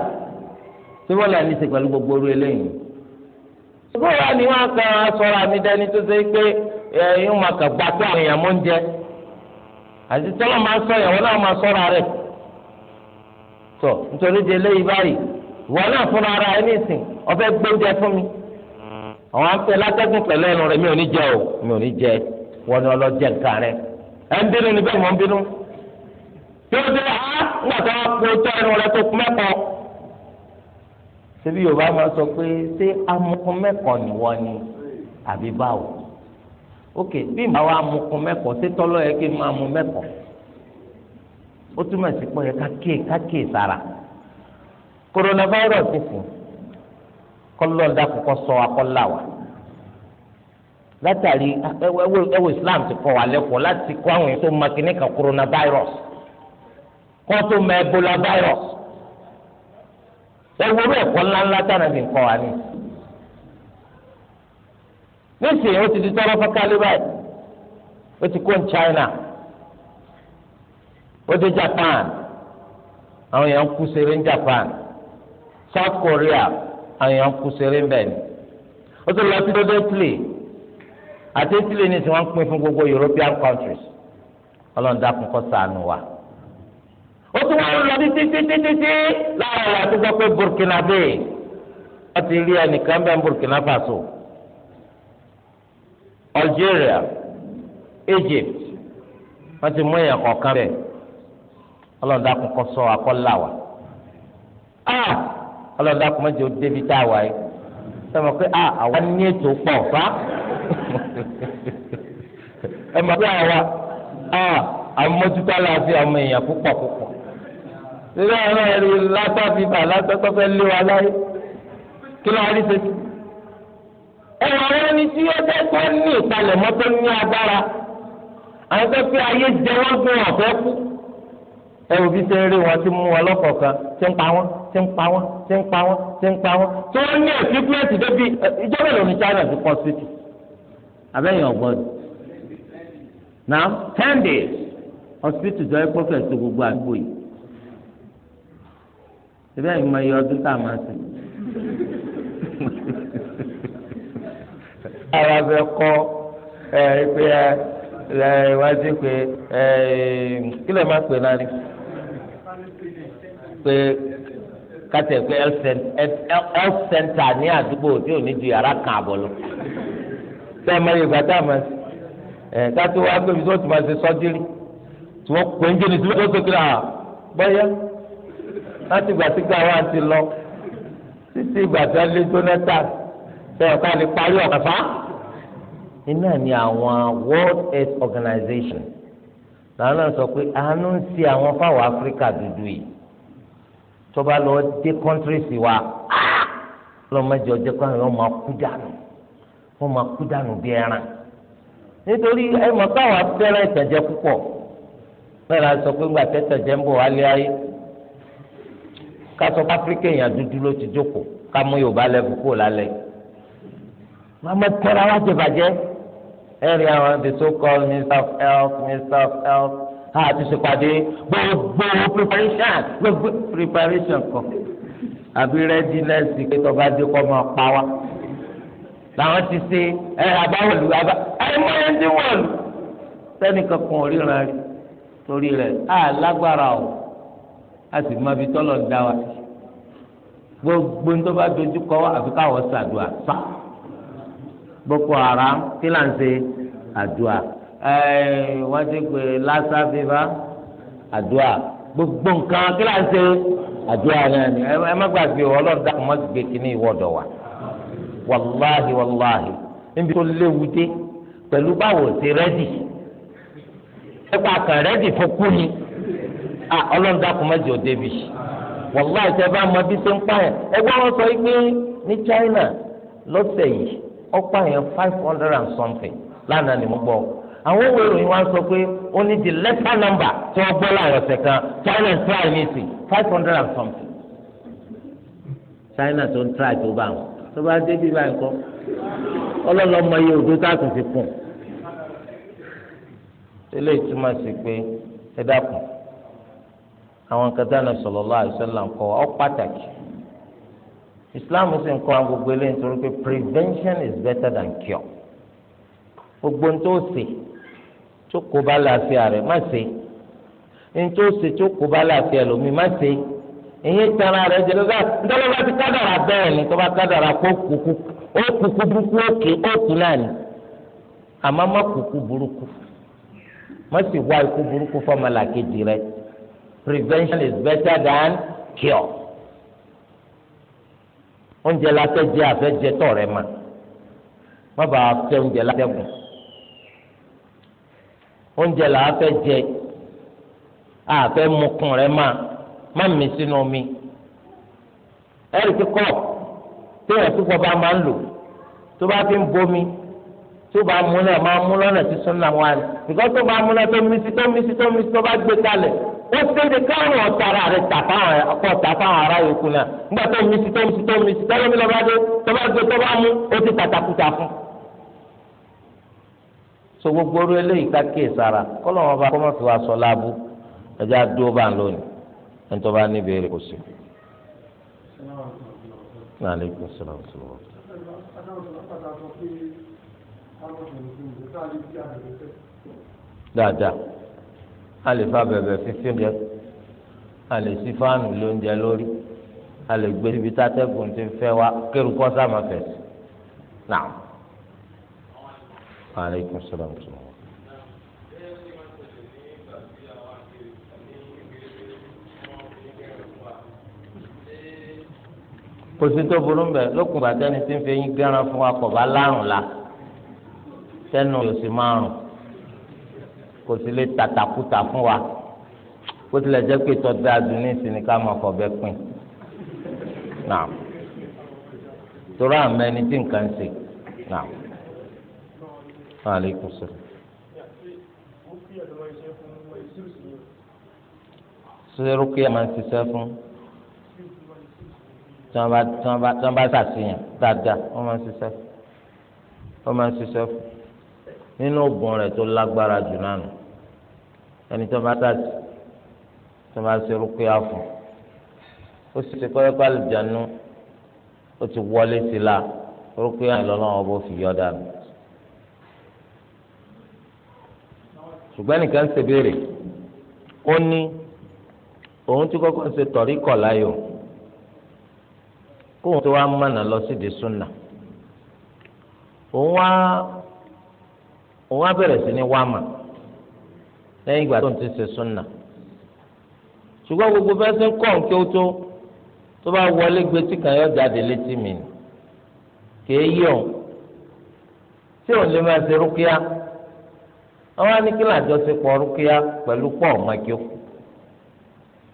[SPEAKER 1] tí wọ́n lè ní í gbogbo orí eléyìí. gbogbo ìyá mi wọn kan sọ̀rọ̀ àmì dání tó ṣe pé ẹ̀yin wọn kàn gbà tó àwọn èèyàn ń jẹ àti tọ́lọ́ máa sọ ìyàwó náà máa sọ̀rọ̀ rẹ̀ tọ̀ nítorí di eléyìí ara ẹ nísìn gbóúnjẹ fún mi àwọn ẹnu mi ò ní o mi ò ní jẹ wọn ni nǹkan rẹ ẹ ń bínú ni bẹ́ẹ̀ mọ̀ ń bínú
[SPEAKER 2] tí dé á ń
[SPEAKER 1] síbi yorùbá máa sọ pé ṣé amukun mẹ́kọ̀ọ́ nìwọ ni àbí báwo ok bí màá wá amukun mẹ́kọ̀ọ́ ṣé tọ́lọ́ yẹ kí n máa mu mẹ́kọ̀ọ́ ó túmọ̀ sí pé yẹ kákìí kákìí sára coronavirus sísìn kọ́lọ́ dákúkọ́ sọ akọ́là wa látàrí ẹwọ Islam ti kọ́ wa lẹ́kọ̀ọ́ láti kọ́ àwọn èso makiníkà coronavirus kọ́ tó mọ Ebola virus ẹwúrú ẹ̀kọ́ ńláńlá tánàbí nǹkan wà ní. nísìnyí ó ti di tọ́lọ́ fọ́kálí báyìí ó ti kó ní China ó dé Japan àwọn èèyàn kú seré ní Japan South Korea àwọn èèyàn kú seré ń bẹ̀ ni ó tún lọ sí dodo Italy àti Italy ní tí wọ́n pín fún gbogbo European countries ọlọ́run dákun kó ṣàánú wa ó tún wọn lọ títítítítí lára rẹ̀ àti gbọ́ pé Burkina Bay wọ́n ti rí ẹnìkan bẹ́ẹ̀ Burkina Faso Algeria Egypt wọ́n ti mú èèyàn kọ̀ọ̀kan bẹ́ẹ̀ ọlọ́dà kún kọ́ sọ akọ́là wa ọlọ́dà kún mọ́jọ́ débi tá a wà yìí sọ́mọ pé ah, àwa ní ètò pọ̀ fá ẹ mọ̀ pé àwa ah, àmójútó aláàfin àwọn èèyàn púpọ̀ púpọ̀ nígbà yẹn náà rí lásán fífà lásán tó fẹ́ lé wa láyé
[SPEAKER 2] kí ló wá rí ṣe. ẹ̀rọ àwọn ẹni tí ó fẹ́ tó ní ìpalẹ̀ mọ́tò ní agbára àwọn tó fi ayé jẹ wọ́n gbé wọn fẹ́ kú.
[SPEAKER 1] ẹ̀rù bí ṣe rí wọn ti mú wọn lọ́kọ̀ọ̀kan ti ń pa wọ́n ti ń pa wọ́n ti ń pa wọ́n ti ń pa wọ́n tí wọ́n ní ẹ̀fíkúrẹ́tì débi ìjọba ìlú China ti pọ̀ sí ti abẹ́yẹn ọ̀gbọ́n now ten days hospital jọ ẹ́ pọ́fẹ̀sì gbogbo àgbo yìí síbẹ̀ ìmọ̀ iye ọdún tá a máa sìn. ara fẹ́ kọ́ ẹ pé ẹ wá sí pé ẹ kí lè má pè náà ni pé kátẹ pé health center ní àdúgbò tí ò ní ju yàrá kan àbọ̀ lọ sẹ́ẹ̀ mọ ìgbà tá a máa sìn ẹ̀ ká tó ti máa ṣe sọ́jú tí wọ́n pè ń jẹ́ ní tí wọ́n tó kí ni à bọ́yá láti ìgbà tí gbàwá ti lọ títí ìgbà tí wọ́n lé Jonathan sọ̀rọ̀ ká lè parí ọ̀kàfà. iná ni àwọn World Health Organization làwọn náà sọ pé àánú ń ṣe àwọn fáwọn Áfíríkà dúdú yìí tó bá lọ dé kọ́ńtírìsì wa lọ́mọdé ọjọ́ kan yóò máa kú dànù wọ́n máa kú dànù bí ẹran nítorí ẹ mọ̀ káwọn afẹ́rẹ́ ìtẹ̀jẹ́ púpọ̀ bẹ́ẹ̀ la sọ pé ńgbà tẹ́tẹ̀jẹ́ ń bọ̀ wálé ayé kásọ áfíríkà èèyàn dúdú ló ti jókòó ká mú yorùbá lẹ́bù kúrò lálẹ́ màmá tẹ́ra wá jẹ bàjẹ́ ẹ̀rí àwọn the so called minister of health minister of health ha àti ṣèpàdé gbogbo preparation gbogbo preparation kan àbí readiness pé tọ́ba dé kọ́ máa pa wá làwọn ti ṣe ẹ àbáwọlù àbá ẹ mọ ẹ ń dín wọlù sẹ́nìkan kan torí rẹ̀ á lágbára o a sì máa fi tọ́lọ̀ dá wa gbogbo ní tó bá dojú kọ àfi káwọ́ ṣàdúà sá Boko Haram kí là ń ṣe àdúà wọ́n ti pè lásà fífa àdúà gbogbo nǹkan kí là ń ṣe àdúà náà ni ẹ má gbàgbé ọlọ́dà má gbé kíní ìwọ́dọ̀ wa wàláhi wàláhi níbi tó léwu dé pẹ̀lú báwo ti rẹ́dì
[SPEAKER 2] ẹ̀ka kan rẹ́dì fún kú ni
[SPEAKER 1] à ọlọ́run dákun má jẹ́ òde bì wàláì tẹ bá mọ bí ṣe ń pààyàn ẹgbẹ́ wọn sọ pé ní China lọ́sẹ̀ yìí ó pààyàn five hundred and something lánàá ni mo gbọ́ àwọn òwe ìròyìn wa sọ pé ó ní the letter number tí wọ́n gbọ́ láàrin ọ̀sẹ̀ kan China ń try ní sí five hundred and something China tó ń try tó bá wọn tó bá dé bí báyìí kọ́ ọlọ́lọ́mọ iye òdo tá a tún fi kùn. eléyìí túmọ̀ sí pé ẹ dákun àwọn kata ní sallallahu alaihi wasallam ọ pàtàkì islam sì ń kọ́ àwọn gbogbo nítorí pé prevention is better than cure gbogbo ní tó ṣe tó kó bá láàfin rẹ má ṣe ní tó ṣe tara rẹ jẹ lọ́gà ńdọ́lọ́ bá ti kádàrà bẹ́ẹ̀ ni tó bá kádàrà kó kúkú ó kúkú burúkú òkè náà ni àmọ́ má kúkú burúkú má prevention is better than cure oúnjẹ lásẹ̀ jẹ́ àfẹ́jẹ tọ̀ rẹ ma má bàa fẹ́ oúnjẹ lásẹ̀ kù oúnjẹ là á fẹ́ jẹ àfẹ́ mukun rẹ ma má mi sínú omi ẹ̀rí
[SPEAKER 2] ti kọ́ téèyàn
[SPEAKER 1] tó gbọ́ bá máa ń lò tó bá fi ń bomi tó bá múlẹ̀ máa mú lọ́nà tí sọ́nà wà ní bìkọ́ tó bá múlẹ̀ tó mí sí tó mí sí tó mí sí tó bá gbé kalẹ̀ ó ṣèdè káwọn ọ̀tara rẹ̀ tà fáwọn ọkọ̀ tà fáwọn ará yòókù náà nígbà tó mi ti tó mi ti tó mi ti tọ́lọ́ mi lọ́ba
[SPEAKER 2] dé tọ́ba gbé tọ́ba mú ó ti tàtàkùtà fún.
[SPEAKER 1] so gbogbo orí eléyìí ká kíyè sára kọ́lọ́ wọn bá kọ́mọ́ fi wá sọ láàbù ẹjẹ́ àdúró bá ń lónìí ẹni tó bá ní ìbéèrè kò sí.
[SPEAKER 3] dáadáa a lè fa bẹ̀bẹ̀
[SPEAKER 2] jẹ
[SPEAKER 1] a lè sí fáànù lóúnjẹ lórí a lè gbé ibi tátẹ́gùn ti fẹ́ wa kéru kọ́ sáàmà fẹ̀ sí náà. aleykum salaam wa rahmatulah. kò sí tó burú mbẹ lókùnbà tẹni tí ń fi yín gẹran fún wa lárùn la tẹnu yóò sì máa rùn kò sì lè tàtàkùtà fún wa kó tilẹ̀ jẹ́ pé tọ́jú adùn ní ìsinmi ká máa fọ̀bẹ pin náà torí àmọ́ ẹni tí nǹkan ń ṣe náà wà lẹ́kùn sọ̀rọ̀.
[SPEAKER 3] sẹ́rùkì ẹ̀ máa ń ṣiṣẹ́ fún tí wọ́n bá ṣàṣeyàn
[SPEAKER 1] dáadáa wọ́n máa ń ṣiṣẹ́ fún nínú ògùn rẹ̀ tó lágbára jù náà nù ẹni tó bá tàjì tó bá ṣe rúkúyà fún ó sì ṣe kọ́yọ́ pálí jànú ó ti wọlé sí la rúkúyà ìlọ́lọ́wọ́ bó fi yọ dànù. ṣùgbọ́n nìkan ṣe béèrè ó ní òun ti kọ́kọ́ ṣe tọ̀rí kọ̀ láyò kóun tó wá mọ̀nà lọ sídìí súnà òun wá. òun á bẹ̀rẹ̀ sí ní wàmà lẹ́yìn ìgbà tó ń ti ṣe súnà ṣùgbọ́n gbogbo fẹsẹ̀ kàn kí ó tó tó bá wọlé gbetí kan yọ jáde létí mi ni kèé yí òun tí òun lè máa ṣe rúkìá àwọn anìkílà àjọṣepọ̀ rúkìá pẹ̀lú pọ̀ ọ̀mọ́kíó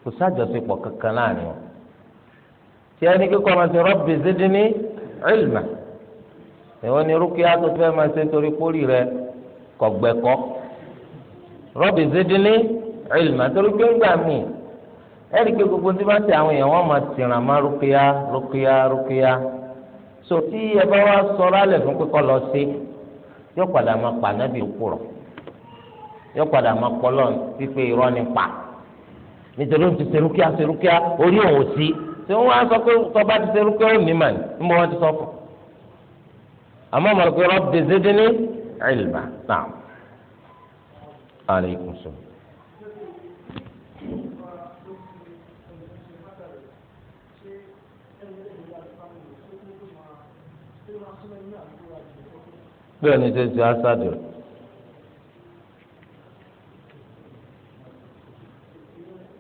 [SPEAKER 1] kò sájọṣepọ̀ kankan láàrin wọn tí ẹni kíkọ́ máa ṣe rabbi zidni ilma ni rúkìá tó fẹ́ máa ṣe torí pólì kọ̀gbẹ́kọ́ rọ́bì zidini ìlmà torí pé ńgbà mí ẹ̀rí pé gbogbo tí wọ́n ti àwọn èèyàn wọ́n máa tìràn má rúkìá rúkìá rúkìá so tí ẹ bá wá sọ̀rọ̀ alẹ̀ fún kíkọ́ lọ sí yóò padà máa pa nábì òkúrọ̀ yóò padà máa pọ́lọ́ pípé irọ́ ni pa nítorí ó ti ṣe rúkìá ṣe rúkìá orí òun ò sí tí wọ́n á sọ pé tọ́ba ti ṣe rúkìá ó ní mà ní ń bọ́ ti sọ fún àmọ́ mọ̀ pé zidini ilma نعم. عليكم salaam.
[SPEAKER 3] bí ẹni tó ti aṣáájú.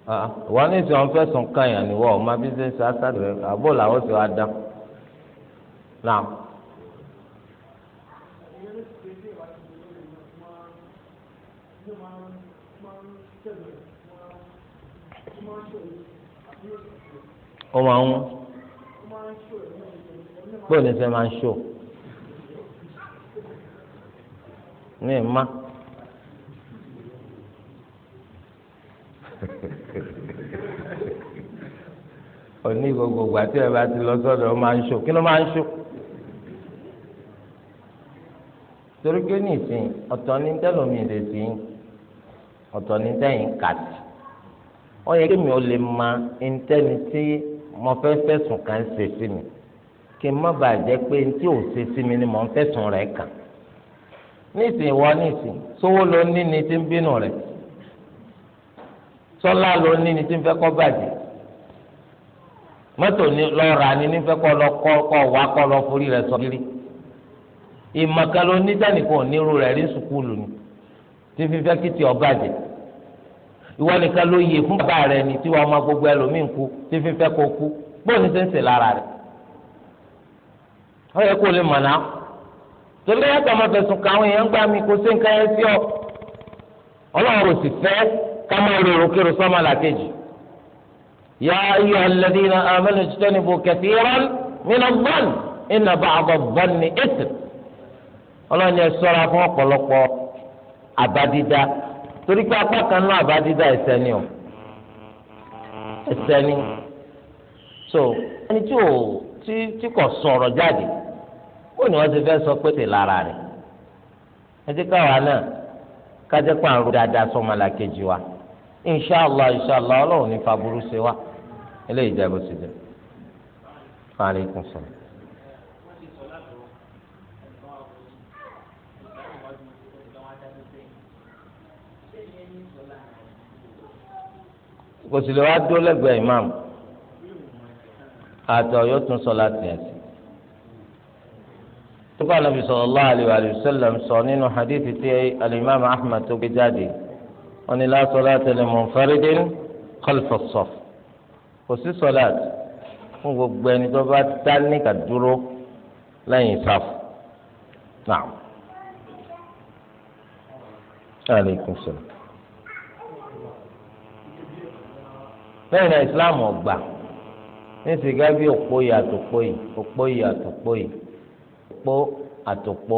[SPEAKER 1] Ah, wọ́n ní sọ fẹ́sùn káyàn ni wọ́n ọ̀ma bí ṣe ń ṣe aṣáájú rẹ̀ àbó làwọn ti wá dán. náà.
[SPEAKER 2] ó máa ń
[SPEAKER 3] bóyá ní sẹ máa ń ṣó
[SPEAKER 1] ní ìmá oní gbogbogbò àti ẹ bá ti lọ sọ́dọ̀ ó máa ń ṣó kí ló máa ń ṣó torí pé nìsín ọ̀tọ̀ ní tẹ́lọ̀mì lè sí ọ̀tọ̀ ní tẹ́yìn kàtì mi ò lè ma ẹni tẹ́ni tí. mo fẹ́ fẹ̀sùn kàn ṣe sí mi kí n má bàa jẹ́ pé n tí ò ṣe sí mi ni mò ń fẹ̀sùn rẹ̀ kàn nísìnyí wọ́n nísìn sówó ló ní ni tí ń bínú rẹ̀ sọ́lá ló ní ni tí ń fẹ́ kọ́ bàjẹ́ mọ́tò lọ́ọ̀rà ni ní fẹ́ kọ́ lọ kọ́ kọ́ wá kọ́ lọ forí rẹ̀ sọ kiri ìmọ̀kan ló ní dánìkan onírú rẹ̀ rí sùkúlù ni tí fífẹ́ kìtì ọ̀bàjẹ́ ìwọ nìkan ló yẹ fún bàbá rẹ ní tí wọn ọmọ gbogbo ẹlòmíín kú tí fífẹ́ kó kú bóun ti ń sè lára rẹ ó yẹ kó lè mọ̀ náà torí ẹ kà máa fẹ̀sùn kà àwọn èèyàn gbá mi kó sí nǹkan ẹ sí ọ ọlọ́run ò sì fẹ́ ká máa rorò kérò sọ́mà làkejì yá ayé alẹ́dí na amẹ́nu títẹ́ ní bò kẹ̀tì rán nínú bọ́ọ̀n iná bá àbọ̀ bọ́ọ̀n ní ètò ọlọ́run yẹn sọ́ra fún ọ̀pọ̀lọpọ̀ torí pé apá kan náà àbá dídá ẹsẹ̀ ni o ẹsẹ̀ ni so ẹni tí o tí tí kò sọ̀rọ̀ jáde ó ní wọ́n ti fẹ́ sọ pé tè lára rẹ̀ ẹ ti káwa náà kájẹ́ pé àrùn dáadáa sọmọlá kejì wa inṣàlá inṣàlá ọlọ́run ní faburú ṣe wa eléyìí jẹ́ bó ṣe jẹ́ fún kò sì lè wá dúró lẹ́gbẹ̀ẹ́ imam àtọ̀ yóò tún sọ láti ẹ̀sìn. tukọ̀ anabi sallallahu alayhi wa sallam sọ nínú hadithi tí alimami ahmed tó gbé jáde wọn ni la salata li munfaridin khalfa as-saf kò sí sọláàtì fún gbogbo ẹni tó bá dá níkà dúró lẹ́yìn sáfù náà. aleykum salaam. bẹ́ẹ̀ náà islam ọ̀gbà ní sìgá bí òpó yìí àtòpó yìí òpó yìí àtòpó yìí òpó àtòpó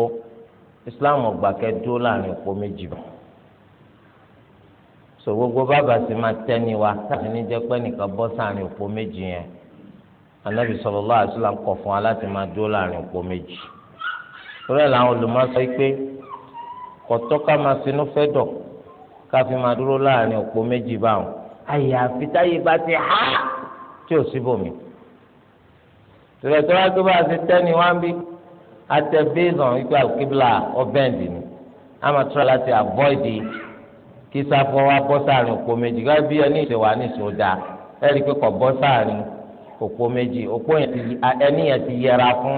[SPEAKER 1] islam ọ̀gbà kẹ́ láàrin òpó méjì bọ̀ so gbogbo bàbá sì máa tẹ́ni wa láti ní jẹ́ pé nìkan bọ́ sáàrin òpó méjì yẹn anabi sallallahu alaihi wasallam kọ̀ fún wa láti máa dúró láàrin òpó méjì torí làwọn olùmọ̀ sọ pé kọ̀tọ́ ká máa sinú fẹ́ dọ̀ ká máa dúró láàrin òpó méjì báwọn àyàfi táyé bá ti há tí ò síbòmí tòlẹ́tọ́lá tó bá ti tẹ́ni wá ń bí atẹ̀bẹ́sàn ikú àkíbla ọ̀bẹ́ǹdì ni amatura láti àbọ̀ìdì kí sáfọ́ wa bọ́ sáàrin òpó méjì gbá bí ẹni ìṣèwà ní ìṣòdà ẹ̀rí pé kò bọ́ sáàrin òpó méjì òpó ẹni yẹn ti yẹra fún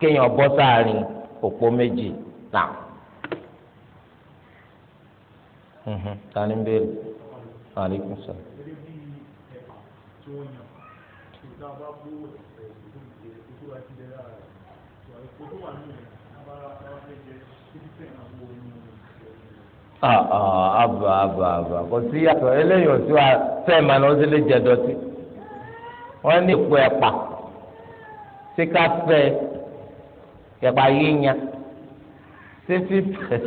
[SPEAKER 1] kéèyàn bọ́ sáàrin òpó méjì náà. Mhm. tani ń béèrè aleykum salaam. àbà ah, ah, àbà àbà kò sí yàtọ̀ eléyìí ò sí wa sẹ́ẹ̀ máa lọ sílé jẹ dọ̀tí wọ́n ní ìpò ẹ̀pà sí ká fẹ́ ẹ̀pà yíyan sí fífẹ́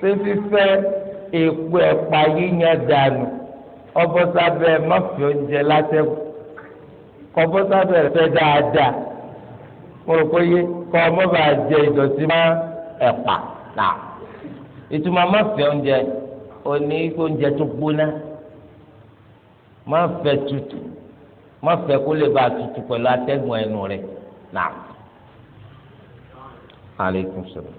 [SPEAKER 1] sí fífẹ́ èpo ẹ̀pà yíyan dànù ọbọ̀sábẹ́ mọ́fì oúnjẹ látẹ́kù kọ́bọ́sábẹ́ rẹ̀ fẹ́ dáadáa mo rò pé yé kọ́ ọmọ bá jẹ ìdọ̀tí mọ́ ẹ̀pà náà ìtumọ̀ mọ́fì oúnjẹ òní oúnjẹ tó gbóná mọ́fẹ́ tutù mọ́fẹ́ kó lè bá tutù pẹ̀lú atẹ́gùn ẹnu rẹ̀ náà. aleykum salaam.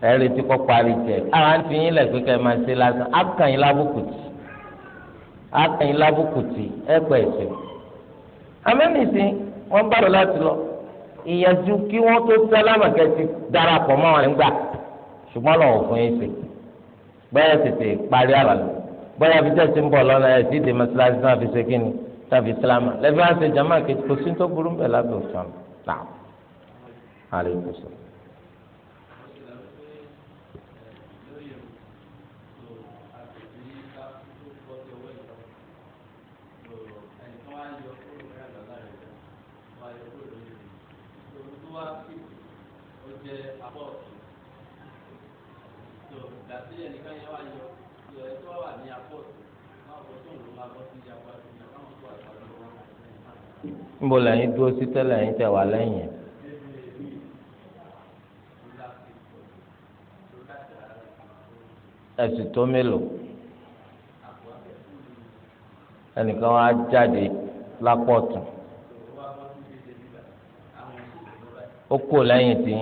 [SPEAKER 1] ẹ retí kọ́ parí jẹ àwọn àti yín lẹ́gbẹ́ kẹ́ máa ṣe lásán akànyìn lábùkùtì akànyìn lábùkùtì ẹ pẹ̀ ṣe. amẹ́nìsì wọ́n bá lọ láti lọ ìyànjú kí wọ́n tó sálámà kẹ́sì darapọ̀ mọ́ wọn gbà ṣùgbọ́n lọ́wọ́ fún yín ṣe bẹ́ẹ̀ tètè parí àlà lọ bẹ́ẹ̀ fi tẹ̀sí ń bọ̀ lọ́nà ẹ̀ tí ìdèmọ̀ síláṣí náà fi ṣe kí ni tàbí sílámà lẹ́fí wá ṣe jàmáà kejì kò sí tó burú bẹ́ẹ̀ lábẹ́ òṣùwọ̀n náà.
[SPEAKER 3] wá sí ó jẹ abọ́ ọ̀tún tó ìdásílẹ̀ nìkan yẹn wá yọ ìyọ̀ ẹ̀ tó wà ní abọ́ náà kò tó ń lò máa sí ìyá wa sí ìyá káwọn tó àgbà lọ́wọ́ wọn.
[SPEAKER 1] níbo lẹ́yìn dúró sí tẹ́lẹ̀ yín tẹ̀ wá lẹ́yìn. ẹ̀sùn tó mélòó ẹnìkan wá jáde lápọ̀ ọ̀tún. ó kó lẹ́yìn tí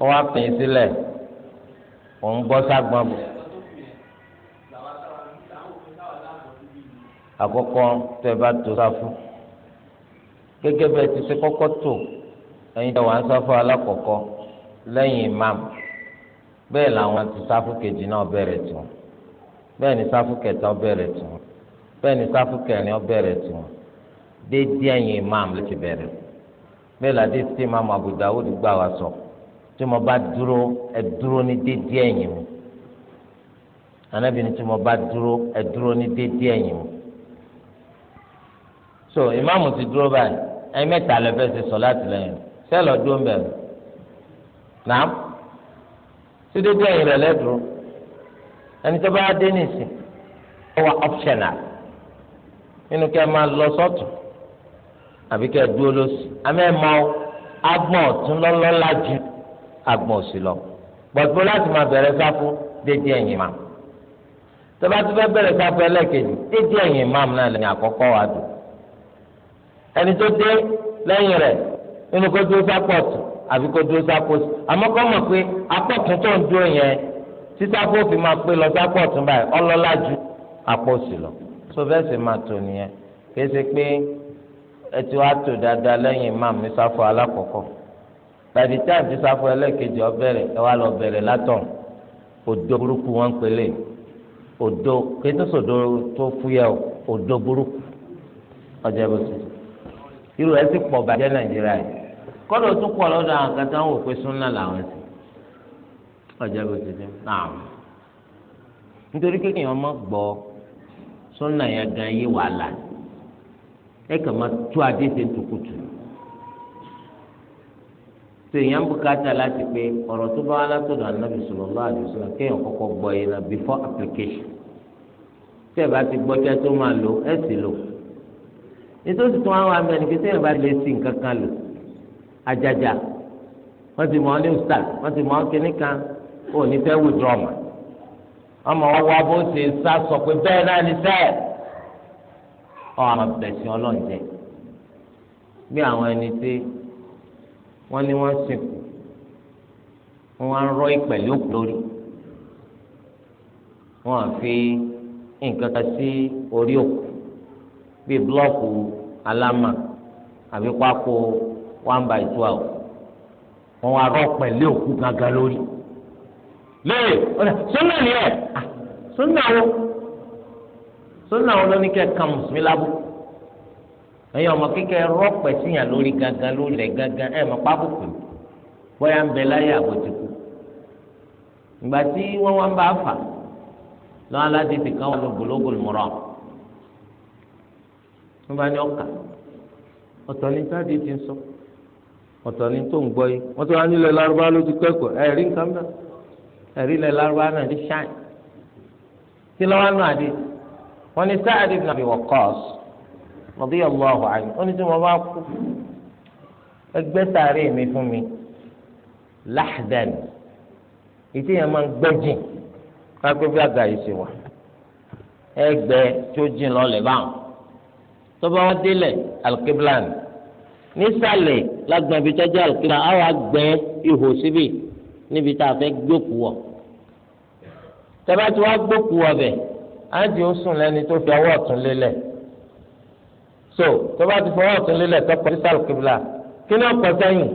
[SPEAKER 3] ó wá pín in sílẹ̀
[SPEAKER 1] òun gbọ́ ságbọ́n bò.
[SPEAKER 3] àkọ́kọ́ tẹ́ ẹ bá tó sáfù
[SPEAKER 1] gẹ́gẹ́ bẹ́ẹ̀ ti ṣe kọ́kọ́ tó ẹ̀yin tẹ́ wàá sáfù alákọ̀ọ́kọ́ lẹ́yìn imam bẹ́ẹ̀ làwọn ti sáfù kejì náà bẹ̀rẹ̀ tù bẹ́ẹ̀ ni sáfù kẹta bẹ̀rẹ̀ tù bẹ́ẹ̀ ni sáfù kẹrin bẹ̀rẹ̀ tù déédéé ẹ̀yìn imam ló ti bẹ̀rẹ̀ bẹ́ẹ̀ ládé tí imam Abu Dawud gbà wá sọ tí mo bá dúró ẹ dúró ní déédéé ẹ̀yìn mi anabi ni tí mo bá dúró ẹ dúró ní déédéé ẹ̀yìn mi so imam ti dúró báyìí ẹ̀yin mẹ́ta lè fẹ́ ṣe sọ láti lẹ́yìn sẹ́lọ dúró ń bẹ̀rẹ̀ nàám tí déédéé ẹ̀yìn rẹ̀ lẹ́dúró ẹni tó bá dé nìsín ó wà optional nínú kí ẹ máa lọ sọ́tún. So àbí kẹ́ ẹ dúró lọ́sì àmì ẹ̀ máa agbọ̀n ọ̀tún lọ́lọ́lá ju agbọ̀n òsì lọ gbọ̀dúró láti máa bẹ̀rẹ̀ sáfù dédé ẹ̀yìn máa tọ́ba tó fẹ́ bẹ̀rẹ̀ sáfù ẹlẹ́kejì dédé ẹ̀yìn máa náà lẹ́yìn àkọ́kọ́ wa dùn ẹni tó dé lẹ́yìn rẹ̀ nínú kó dúró sápò ọ̀tún àbí kó dúró sápò sí àmọ́ kọ́ mọ̀ pé apọ̀tún tó ń dúró yẹn títí apó fi máa pé lọ sápò ọ̀tún báyìí ọlọ́lá ju apó sí lọ tó fẹ́ máa tò nìyẹn kì í ṣe pé ẹtì wàá tò dáadáa lẹ́yìn imam ní sáfù alákọ̀ọ́kọ́ tàbí tí àti sáfù ẹlẹ́ẹ̀kejì ọbẹ̀rẹ̀ ẹ wá lọ bẹ̀rẹ̀ látọ̀ òdo burúkú wọn pélé òdo kétòsòdo tó fúyẹ́ odo burúkú ọjà ìbùsùn irú ẹ sì pọ̀ bàjẹ́ nàìjíríà yìí kọ́dọ̀ tún pọ̀ lọ́dọ̀ àwọn kan tí wọ́n pé súnà làwọn ọjà náà nítorí kékeré wọn mọ̀ gbọ́ ẹ kàn máa tú adé ṣe tukutu tó èèyàn bùkátà láti pé ọ̀rọ̀ tó bá wà látọ̀dọ̀ anábì sallallahu alaihi wasallam kéèyàn kọ́kọ́ gbọ́ yẹn na before application tẹ́ ẹ bá ti gbọ́ kẹ́ tó máa lò ẹ sì lò nítorí tó àwọn àmì ẹni pé tẹ́ ẹ bá lè sí nǹkan kan lò àjàjà wọ́n ti mọ̀ ọ́ ní ustaz wọ́n ti mọ̀ ọ́ kíní kan ò ní fẹ́ wùdúrọ̀mà ọmọ wọn wá bó ṣe sá sọ pé bẹ́ẹ̀ náà ni sẹ́ẹ̀ ọ àwọn abẹsìn ọlọ́ọ̀jẹ bí àwọn ẹni tí wọ́n ní wọ́n sìnkú wọ́n wá ń rọ́ ìpẹ̀lẹ́ òkú lórí wọ́n á fi nǹkan kan sí orí òkú bíi búlọ́ọ̀kù alámà àbí pákó one by twelve wọ́n wá rọ́ pẹ̀lẹ́ òkú gángan lórí
[SPEAKER 2] lẹ́yìn sọ́nà ni ẹ̀ ah, sọ́nà wo
[SPEAKER 1] sunna àwọn olóníkẹ́ kan mùsùlùmí lábú ẹ̀yin ọmọ kíkẹ́ rọ́pẹ̀ síyàn lórí gangan lórí rẹ̀ gangan ẹ̀ mọ̀ pábùkù bóyá ń bẹ láyé àbòtí kù ìgbà tí wọ́n wá ń bá fà lọ́wọ́ aládé ti kàn wọ́n lọ gbólógbòló mọ́rọ́ wọ́n bá ní ọkà ọ̀tọ̀ ní táàdì ti ń sọ ọ̀tọ̀ ní tó ń gbọ́ yìí wọ́n ti wá nílẹ̀ lárúbá ló ti kẹ́kọ̀ọ́ ẹ̀rí nǹkan bẹ́ẹ̀ ẹ̀rí ilẹ̀ lárúbá náà ti ṣáì kí lọ́wọ́ náà adé ti wọ́n ní Sa'ad ibn Abi Waqqas radiyallahu anhu wọ́n ní tí wọ́n bá kú ẹgbẹ́ sàárè mi fún mi láhdan ìtí yẹn máa ń gbẹ́jìn kápẹ́ bí àgbà yìí ṣe wà ẹgbẹ́ tó jìn lọ́lẹ̀ báwọn tó bá wọn délẹ̀ alkiblan nísàlẹ̀ lágbọ̀n ibi tó jẹ́ alkiblan á ihò síbi níbi tá a fẹ́ gbókùú wọ̀ tẹ́lá tí gbókùú wọ̀ bẹ́ẹ̀ ájì ó sùn lẹ́ni tó fi ọwọ́ ọ̀tún lélẹ̀ so tó bá ti fi ọwọ́ ọ̀tún lélẹ̀ tó kọ sísàlù kìbìlà kí ni ọkọ sẹ́yìn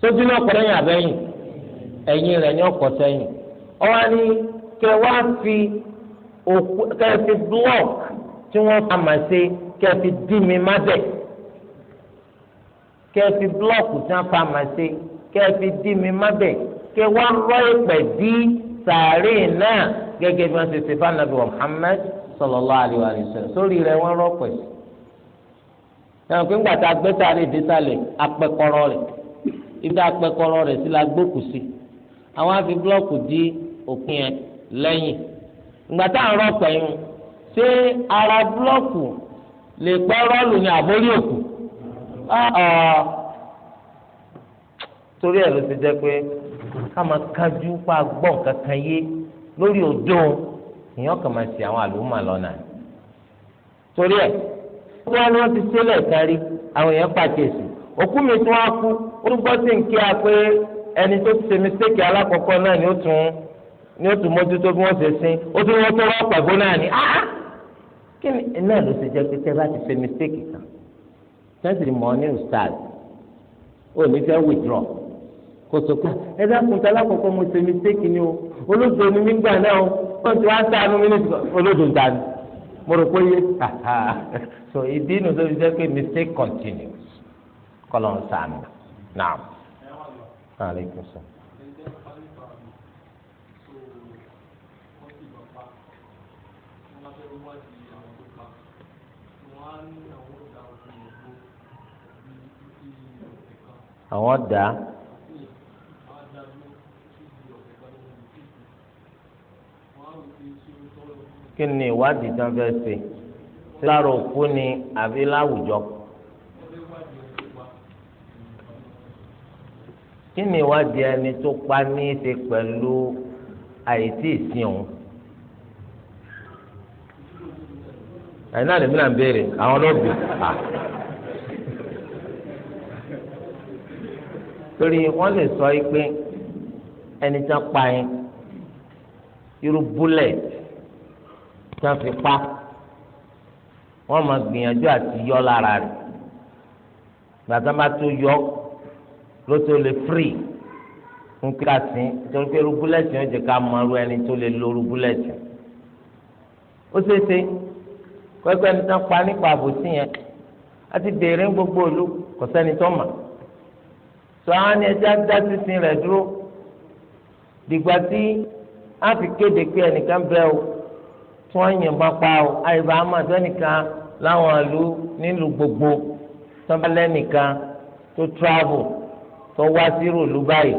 [SPEAKER 1] sójú ní ọkọ lẹ́yìn àbẹ́yìn ẹ̀yìn rẹ̀ ní ọkọ sẹ́yìn
[SPEAKER 3] ọwọ́ ni kẹ wá fi òkú kẹ fi blọọk tí wọ́n fa mà ṣe
[SPEAKER 1] kẹ fi dí mi má bẹ̀ kẹ fi blọọk tí wọ́n fa mà ṣe kẹ fi dí mi má bẹ̀ kẹ wá rọ ìpẹ́ dí sàárè náà gẹ́gẹ́ bí wọ́n ṣe ṣe fún anabi wa muhammed sallallahu alayhi wa sallam sórí rẹ̀ wọ́n rọ́pẹ̀ náà pé ńgbà tá a gbé sáré dé sálẹ̀ apẹ̀kọ́rọ́ rẹ̀ ibi apẹ̀kọ́rọ́ rẹ̀ sí la gbókù sí àwọn afi búlọ́ọ̀kù di òpin ẹ̀ lẹ́yìn ńgbà tá a rọ́pẹ̀ yìí ṣé ara búlọ́ọ̀kù lè pẹ́ rọ́ọ̀lù ní àbórí òkú torí ẹ̀ ló ti jẹ́ pé ká máa kájú pa gbọ̀ǹ kankan yé lórí òdo èèyàn kàn máa ṣe àwọn àlùmọ̀ lọ́nà torí ẹ̀ wọ́n ní wọ́n ti sílẹ̀ kárí àwọn èèyàn pàkíyèsí òkú mi tí á kú orúkọ sì ń kí a pé ẹni tó ti ṣe mistake alákọ̀ọ́kọ́ náà ni ó tún ni ó tún mójútó bí wọ́n ṣe sin ó tún wọ́n tó wọ́n pàgbó náà ni áá kí ni náà ló ṣe jẹ́ pé tẹ́ bá ti ṣe mistake kan tẹ́sí mọ́ ní ustaz ó ní fẹ́ withdraw kòtòkò ẹ dákun tala kọkọ mo ṣe mistake ni o olódò ni mi gbà náà o wọn ti wá sànù mi ní olódò ń dání mo rò pé yé so ìdí inú tó fi jẹ pé mistake continues kọlọ ń sànù náà aleykum sọ. àwọn dà kí ni ìwádìí tán fẹ́ ṣe sí lára òkú ni àbí láwùjọ. kí ni ìwádìí ẹni tó pa ní í ṣe pẹ̀lú àìsí ìsìn òun. ẹ̀yin náà lèmi náà ń béèrè àwọn náà bì á.
[SPEAKER 2] torí wọ́n lè sọ
[SPEAKER 1] yìí pé ẹni tán pa yẹn irú búlẹ̀tì tí wọ́n fi pa wọ́n máa gbìyànjú àti yọ lára rẹ̀ gbàtà bá tó yọ ló tó lè firi fún kíláàsì nítorí pé rúgúlẹ̀tì ó jẹ́ ká mọ irú ẹni tó lè lo rúgúlẹ̀tì ó ṣeéṣe pẹ́pẹ́ ní tán pa nípa àbòsí yẹn a ti béèrè ń gbogbo òlu kò sẹ́ni tó mà sọ àwọn ni ẹja dá sísin rẹ̀ dúró dìgbà tí a fi kéde pé ẹnìkan bẹ́ẹ̀ o tí wọ́n yìnbọn pa o àyèbá àmọ́ àtẹnìkan láwọn ìlú nílùú gbogbo tí wọ́n tó travel tó wá sírò ìlú báyìí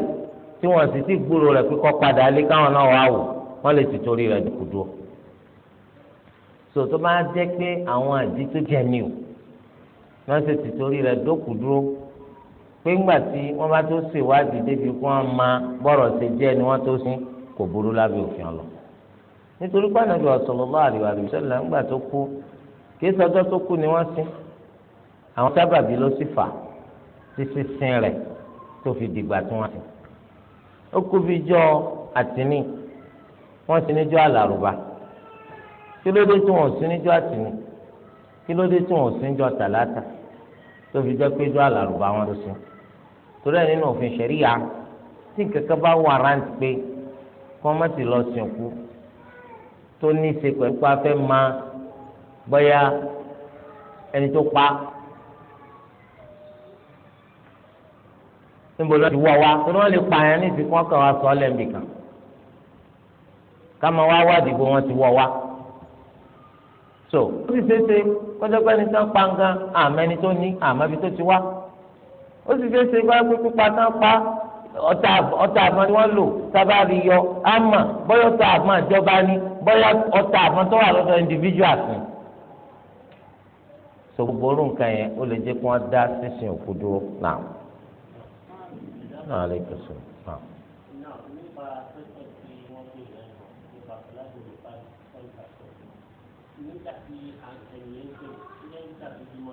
[SPEAKER 1] tí wọ́n sì ti gbúrò rẹ̀ pé kó padà lé káwọn náà wá wò wọ́n lè ti torí rẹ̀ dùkúdù. sòtó bá jẹ́ pé àwọn àdí tó jẹ́ mi o wọ́n sì ti torí rẹ̀ dókúdúró pé ńgbà tí wọ́n bá tó ṣèwádìí débi kí wọ́n máa bọ̀rọ̀ ṣe jẹ́ ni wọ́n tó sin kò burú lábẹ́ òfin ọlọ́pàá nítorí pàdánù sallallahu alaihi wasallam ńgbà tó kú kìí sọjọ́ tó kú ni wọ́n sin àwọn sábàbí ló sì fà títí sin rẹ̀ tó fi dìgbà tí wọ́n sin ó kú bí jọ́ àtìní wọ́n sin níjọ́ àlàrúbá kí ló dé tí wọ́n sin níjọ́ àtìní kí ló dé tí wọ́n sin níjọ́ tàlátà tó fi jẹ́ pé jọ́ àlàrúbá wọn ló sin torí ẹ̀ nínú òfin ṣẹ̀ríyà tí nǹkan bá wà rántí pé kọ́mọ́tì lọ sìnkú tó ní í ṣe pẹ̀lú pé a fẹ́ máa bóyá ẹni tó pa níbo lọ́ọ́ ti wọ́ wa tó ní wọ́n lè pa ẹ̀ ní ìsìnkú ọkọ̀ wa sọ ọ́ lẹ́ǹbì kan ká máa wá wádìí bó wọ́n ti wọ́ wa so ó sì ṣeéṣe kọjá pé ẹni tán pa nǹkan àmọ́ ẹni tó ní àmọ́ ibi tó ti wá ó sì ṣeéṣe báyìí pé pípa tán pa ọta ọta àfọn tí wọn lò sábà rí yọ àmà bóyá ọta àfọn àjọba ni bóyá ọta àfọn tó wà lọ́dọ̀ individual sí. so gbogbo orú nǹkan yẹn ó lè jẹ́ kí wọ́n dá sísìn òkú dúró náà. náà lè pèsè náà.
[SPEAKER 3] nígbà tí àtẹ̀yìn ń sìn lẹ́yìn tàbí bímọ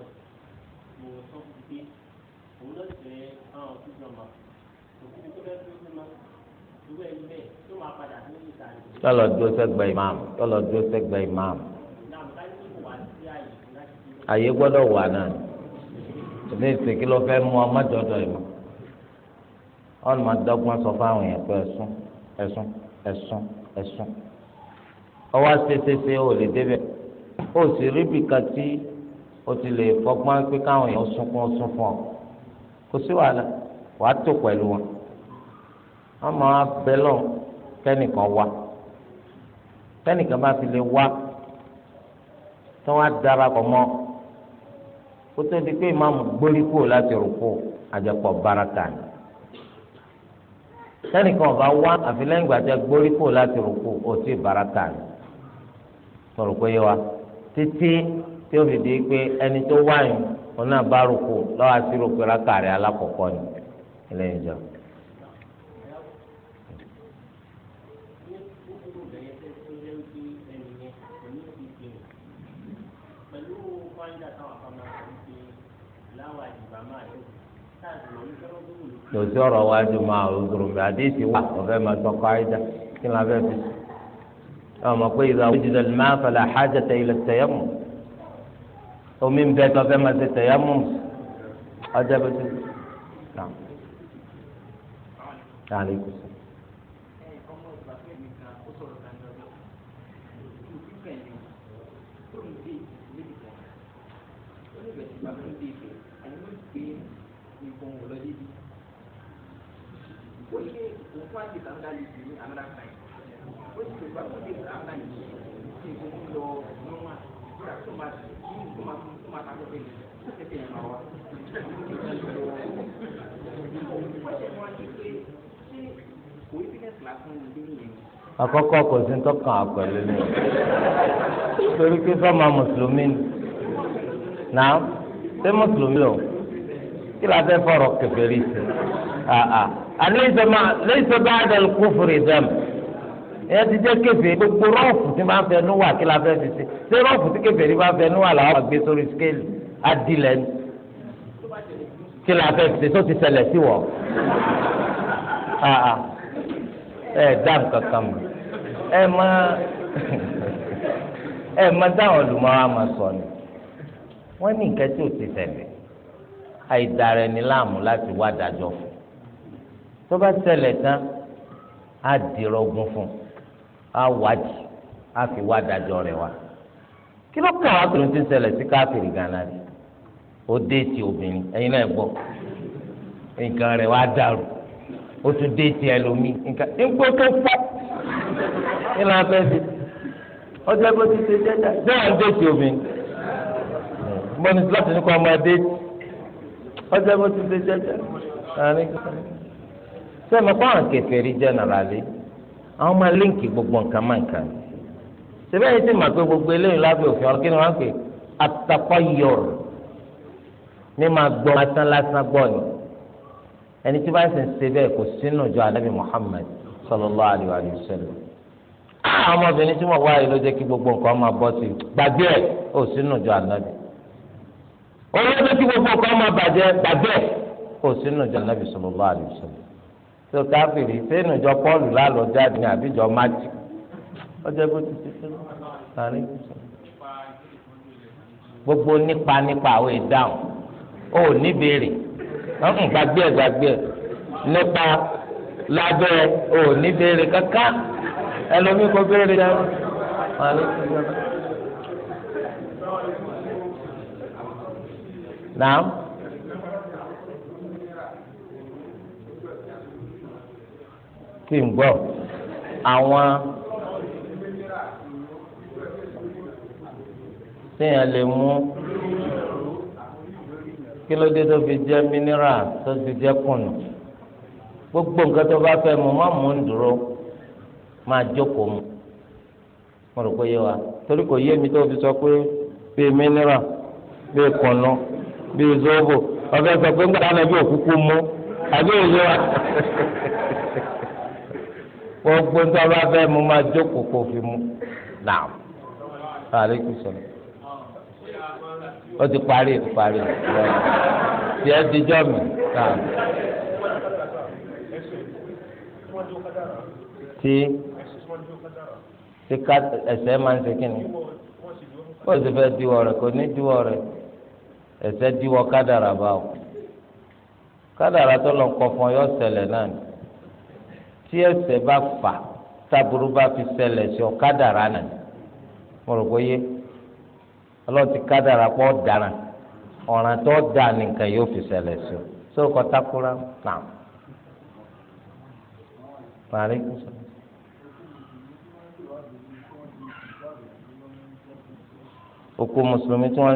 [SPEAKER 3] ìwòsàn ti dé yọlọ dúró sẹ́gbẹ̀ ìmáàmù yọlọ dúró sẹ́gbẹ̀ ìmáàmù àyè gbọ́dọ̀ wà náà
[SPEAKER 1] ní ìsìnkí ló fẹ́ mú ọmọ jọjọ ìmọ̀ ọ̀nà máa dọ́gbọ́n sọ fáwọn èèyàn pé ẹ̀sùn ẹ̀sùn ẹ̀sùn ẹ̀sùn ọwọ́ ṣeéṣeéṣe ò lè débẹ̀ ó sì rí bìkan tí o ti lè fọgbọ́n pé káwọn èèyàn sunkún sun fún ọ kò sí wàhálà wàá tó pẹ̀lú wọn
[SPEAKER 2] ọmọ abẹ́lọ̀
[SPEAKER 1] kẹ́nìkan wá kẹ́nìkan bá fi lè wá tí wọ́n á darapọ̀ mọ́ kó tó di pé ìmáàmù gbórí kúrò láti rúkú àjẹpọ̀ baraka ni kẹ́nìkan ọba wá àfi lẹ́yìn ìgbà tí a gbórí kúrò láti rúkú ó sì baraka ni tọrọ pé yé wa títí tí ó fi di pé ẹni tó wáyìn ọ̀nà bá rúkú lọ́wọ́ àti rúkú rákàrí alákọ̀ọ́kọ́ ni ẹlẹ́yin jọ.
[SPEAKER 3] kò sí ọ̀rọ̀ wa ju
[SPEAKER 1] máa ògùrù mi àdéhìí wà ọ̀fẹ́ máa sọ káyidá kí ni abẹ́ fi ọmọ pé ìlà òjì lẹ́nu máa ń falẹ̀ àhájà tẹ ilẹ̀ tẹ̀yẹ́mù omi ń bẹ tó ọfẹ́ máa ṣe tẹ̀yẹ́mù ọjọ́ bẹ́ẹ̀ tó. àkọ́kọ́ kò sí tọkàn àpẹlẹ lẹ torí pé sọma mùsùlùmí náà ṣé mùsùlùmí o kí la fẹ́ fọ̀rọ̀ kèfèrí sí àà àní ìsọmọ lẹ́yìn tó bá dẹ̀ kúfùrì dẹ́mu ìyẹn ti jẹ́ kẹfẹ́ gbogbo rọ́ọ̀fù tí máa ń fẹnu wà kí la fẹ́ fi ṣe ṣé rọ́ọ̀fù tí kẹfẹ́ rí máa ń fẹnu wà làwọn àgbẹ̀ sórí skéèlì adìlẹ̀ ni kí la fẹ́ fi ṣe tó ti ṣẹlẹ̀ sí wọ̀ ẹ dá nǹkan kan mọ̀ ẹ máa ẹ máa dáhùn olùmọ̀ọ́ àmà sọ ni wọ́n ní nǹkan tí ò ti ṣẹlẹ̀ àìdára ẹni láàmú láti wá dájọ́ fún tó bá ṣẹlẹ̀ tán á dìrọ̀ ogun fún un á wádìí wá dájọ́ rẹ̀ wá kí ló kà wá pé ti ṣẹlẹ̀ sí káfíìrì gánà rí ó déètì obìnrin ẹ̀yin náà gbọ́ nǹkan rẹ̀ wá dàrú ó tún déètì ẹlòmíì nǹkan nígbó tó fọ́
[SPEAKER 2] kí ló ń fẹ́ ti
[SPEAKER 1] ṣe jẹ́jà bẹ́ẹ̀ ń déètì obìnrin mo ní láti ní kó ọmọ déètì ọjọ́ bó ti ṣe àwọn máa líǹkì gbogbo nǹkan máa nǹkan síbẹ̀ yìí ti mà pé gbogbo eléyìí lábẹ́ òfin ọ̀rọ̀ kí ni wọ́n á pè àtàkọ́ yọ̀rọ̀ ní máa gbọ́ lásán lásán gbọ́ ni ẹni tí bá ń ṣe bẹ́ẹ̀ kò sínú ìjọ anábì Muhammad sallallahu alayhi wa ọmọbìnrin tí wọ́n wáyé ló jẹ́ kí gbogbo nǹkan máa bọ́ sí i gbàgbé ẹ̀ ò sínú ìjọ anábì
[SPEAKER 2] olóòtú kí gbogbo nǹkan máa bàjẹ́ gbàgbé
[SPEAKER 1] tó káfíìrì sínú ìjọ pọ́ọ̀lù lálọ́ jáde ní àbíjọ májì
[SPEAKER 3] ọjọ́ bó ti ṣe tó sáré
[SPEAKER 1] gbogbo nípa nípa àwọn ìdáhùn ó níbèrè ọ̀hún gbàgbé ẹ̀ gbàgbé ẹ̀ nípa lábẹ́ ò níbèrè kankan ẹlòmíì kò béèrè dáhùn. Naam. kí n gbọ́ àwọn téèyàn lè mú kí ló dé tó fi jẹ́ tó fi jẹ́ gbogbo nǹkan tó bá fẹ́ mu má mú un dúró máa jókòó mu mo rò pé yé wa torí kò yé mi tó fi sọ pé bíi bíi bíi zobo ọ̀fẹ́ sọ pé ń bí òkúkú mú àbí òye gbogbo ń tọ́ba fẹ́ mo máa jókòó kó fi mu náà aleykum sọlá
[SPEAKER 2] ó ti parí ti parí
[SPEAKER 1] tí ẹ di jọ́ mi náà
[SPEAKER 3] tí tí ẹsẹ̀ máa ń ṣe kí ni
[SPEAKER 1] ó sì fẹ́ diwọ̀ rẹ̀ kò ní diwọ̀ rẹ̀ ẹsẹ̀ diwọ̀ kádàrà báwò kádàrà tó lọ kọ fún ọ yọ ṣẹlẹ̀ náà ni tí ẹsẹ̀ bá fà táburú bá fi ṣẹlẹ̀ sí ọ kádàrá nà mo rò pé yé ọlọ́run ti kádàrá pọ̀ dára ọ̀ràn tó dà nìkan yóò fi ṣẹlẹ̀ sí ọ sí ọkọ̀ takura náà. parí kùsọ̀. tí wọ́n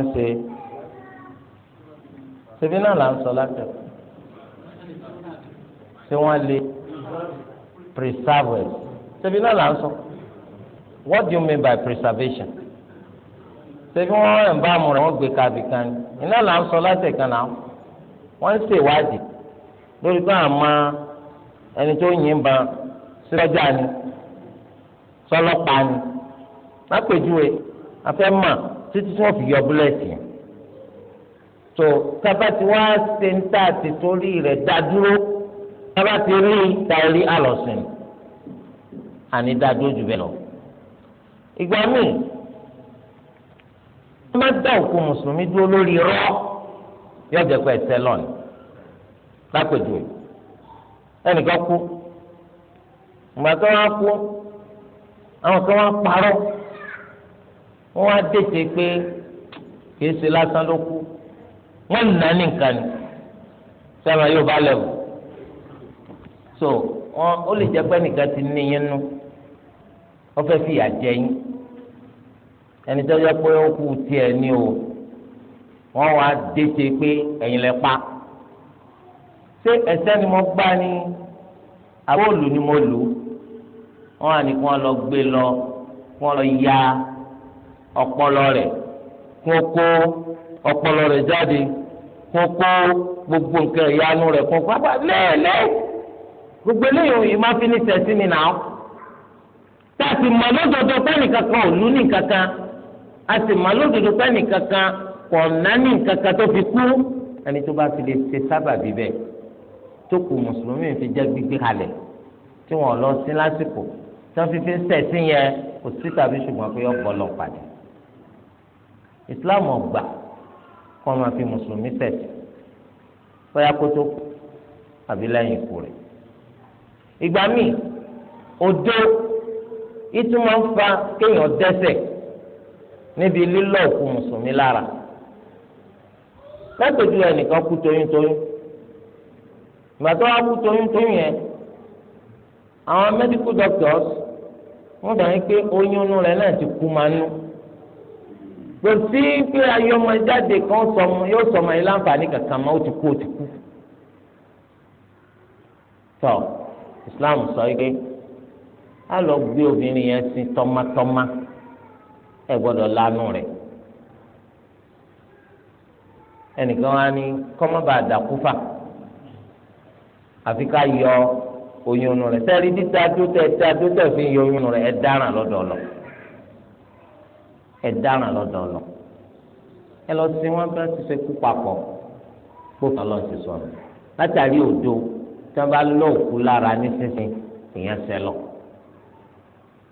[SPEAKER 1] ń ṣe ṣebí náà là ń sọ látẹ̀ tí wọ́n lé preserve it ṣebí náà là ń sọ what do you mean by preservation ṣebí wọn ẹ̀ ń bá àmúra wọn gbé kábì kan ní iná là ń sọ láti ẹ̀ka náà wọ́n ń ṣèwádìí lórí pé àmọ́ ẹni tó yìn ban sọ́jà ni sọlọ́pàá ni lápèjúwe afẹ́ títí tí wọ́n fi yọ búlẹ̀tì tó tábà tí ṣe ń tà àti torí rẹ̀ dá dúró tába ti rí tàìrí àlọ́sìn àní dájú ojú bẹ́ẹ̀ lọ. ìgbà míì wọ́n máa dá òkú mùsùlùmí dúró lórí rọ́ yóò jẹ́ pé ẹsẹ̀ lọ́nà lápèjù ẹnìkan kú ìgbà tó wá kú àwọn kan wá parọ́ wọ́n wá dètè pé kìí ṣe lásán ló kú wọ́n nà ní nǹkan ni sọ́nà yóò bá lẹ́wọ̀n so wọn ó lè jẹ́ pé nìkan ti ní yín nú wọ́n fẹ́ fìyà jẹ yín ẹni tó yẹ pé ó kú tiẹ̀ ní o wọ́n wá dété pé ẹ̀yin lẹ pa ṣé ẹsẹ̀ ni mo gbá ni àbóòlù ni mo lù wọ́n wà ní kí wọ́n lọ gbé lọ kí wọ́n lọ ya ọpọlọ rẹ̀ kí wọ́n kó ọpọlọ rẹ̀ jáde kí wọ́n kó gbogbo nǹkan ìyanu rẹ̀ kó abá lẹ́ẹ̀lẹ́ẹ̀ gbogbo eléyìí òyìn máa fi ní sẹ́sí mi náà tá a sì mọ lódodo pẹ́ẹ́nì kankan ò lú ní kankan
[SPEAKER 2] a sì mọ lódodo pẹ́ẹ́nì kankan
[SPEAKER 1] kò nání kankan tó fi kú ẹni tó bá fi lè ṣe sábàbí bẹ́ẹ̀ tó kù mùsùlùmí fi jẹ́ gbígbé kalẹ̀ tí wọ́n lọ sí lásìkò tí wọ́n fi fi sẹ́sí yẹn kò sí tàbí ṣùgbọ́n pé ọ̀pọ̀ lọ padà islam ọgbà kọ́ máa fi mùsùlùmí sẹ̀sì bóyá kó àbí lẹ́yìn ikú rẹ̀ ìgbà míì odó ìtumọ̀ ń fa kéèyàn dẹ́sẹ̀ níbi lílọ́ òkú mùsùlùmí lára látòjú ẹnìkan kú toyúntoyún ìgbà tó wá kú toyúntoyún yẹn àwọn medical doctors wọ́n dàn yín pé oyún inú rẹ̀ náà ti kú máa nú kò sí pé ayọmọjáde kan yóò sọmọ yìí láǹfààní kankan mọ́ ó ti kú ó ti kú So, islam sọ yìí pé a lọ gbé obìnrin yẹn sí tọmátọmá ẹ gbọ́dọ̀ lanu rẹ̀ ẹnìkan wá ní kọ́mọ́bà dàkúfà àfi ká yọ oyún inú rẹ̀ sẹ́ẹ̀rí títa dúdẹ̀ títa dúdẹ̀ fi yọ oyún inú rẹ̀ ẹ dáràn lọ́dọ̀ lọ ẹ dáràn lọ́dọ̀ lọ ẹ lọ sí wọn bá ti ṣe kú papọ̀ kó kàn lọ́ọ́ ti sọ̀rọ̀ látàrí òdo tí wọn bá lóòkú lára nísinsìn ìyẹn sẹlọ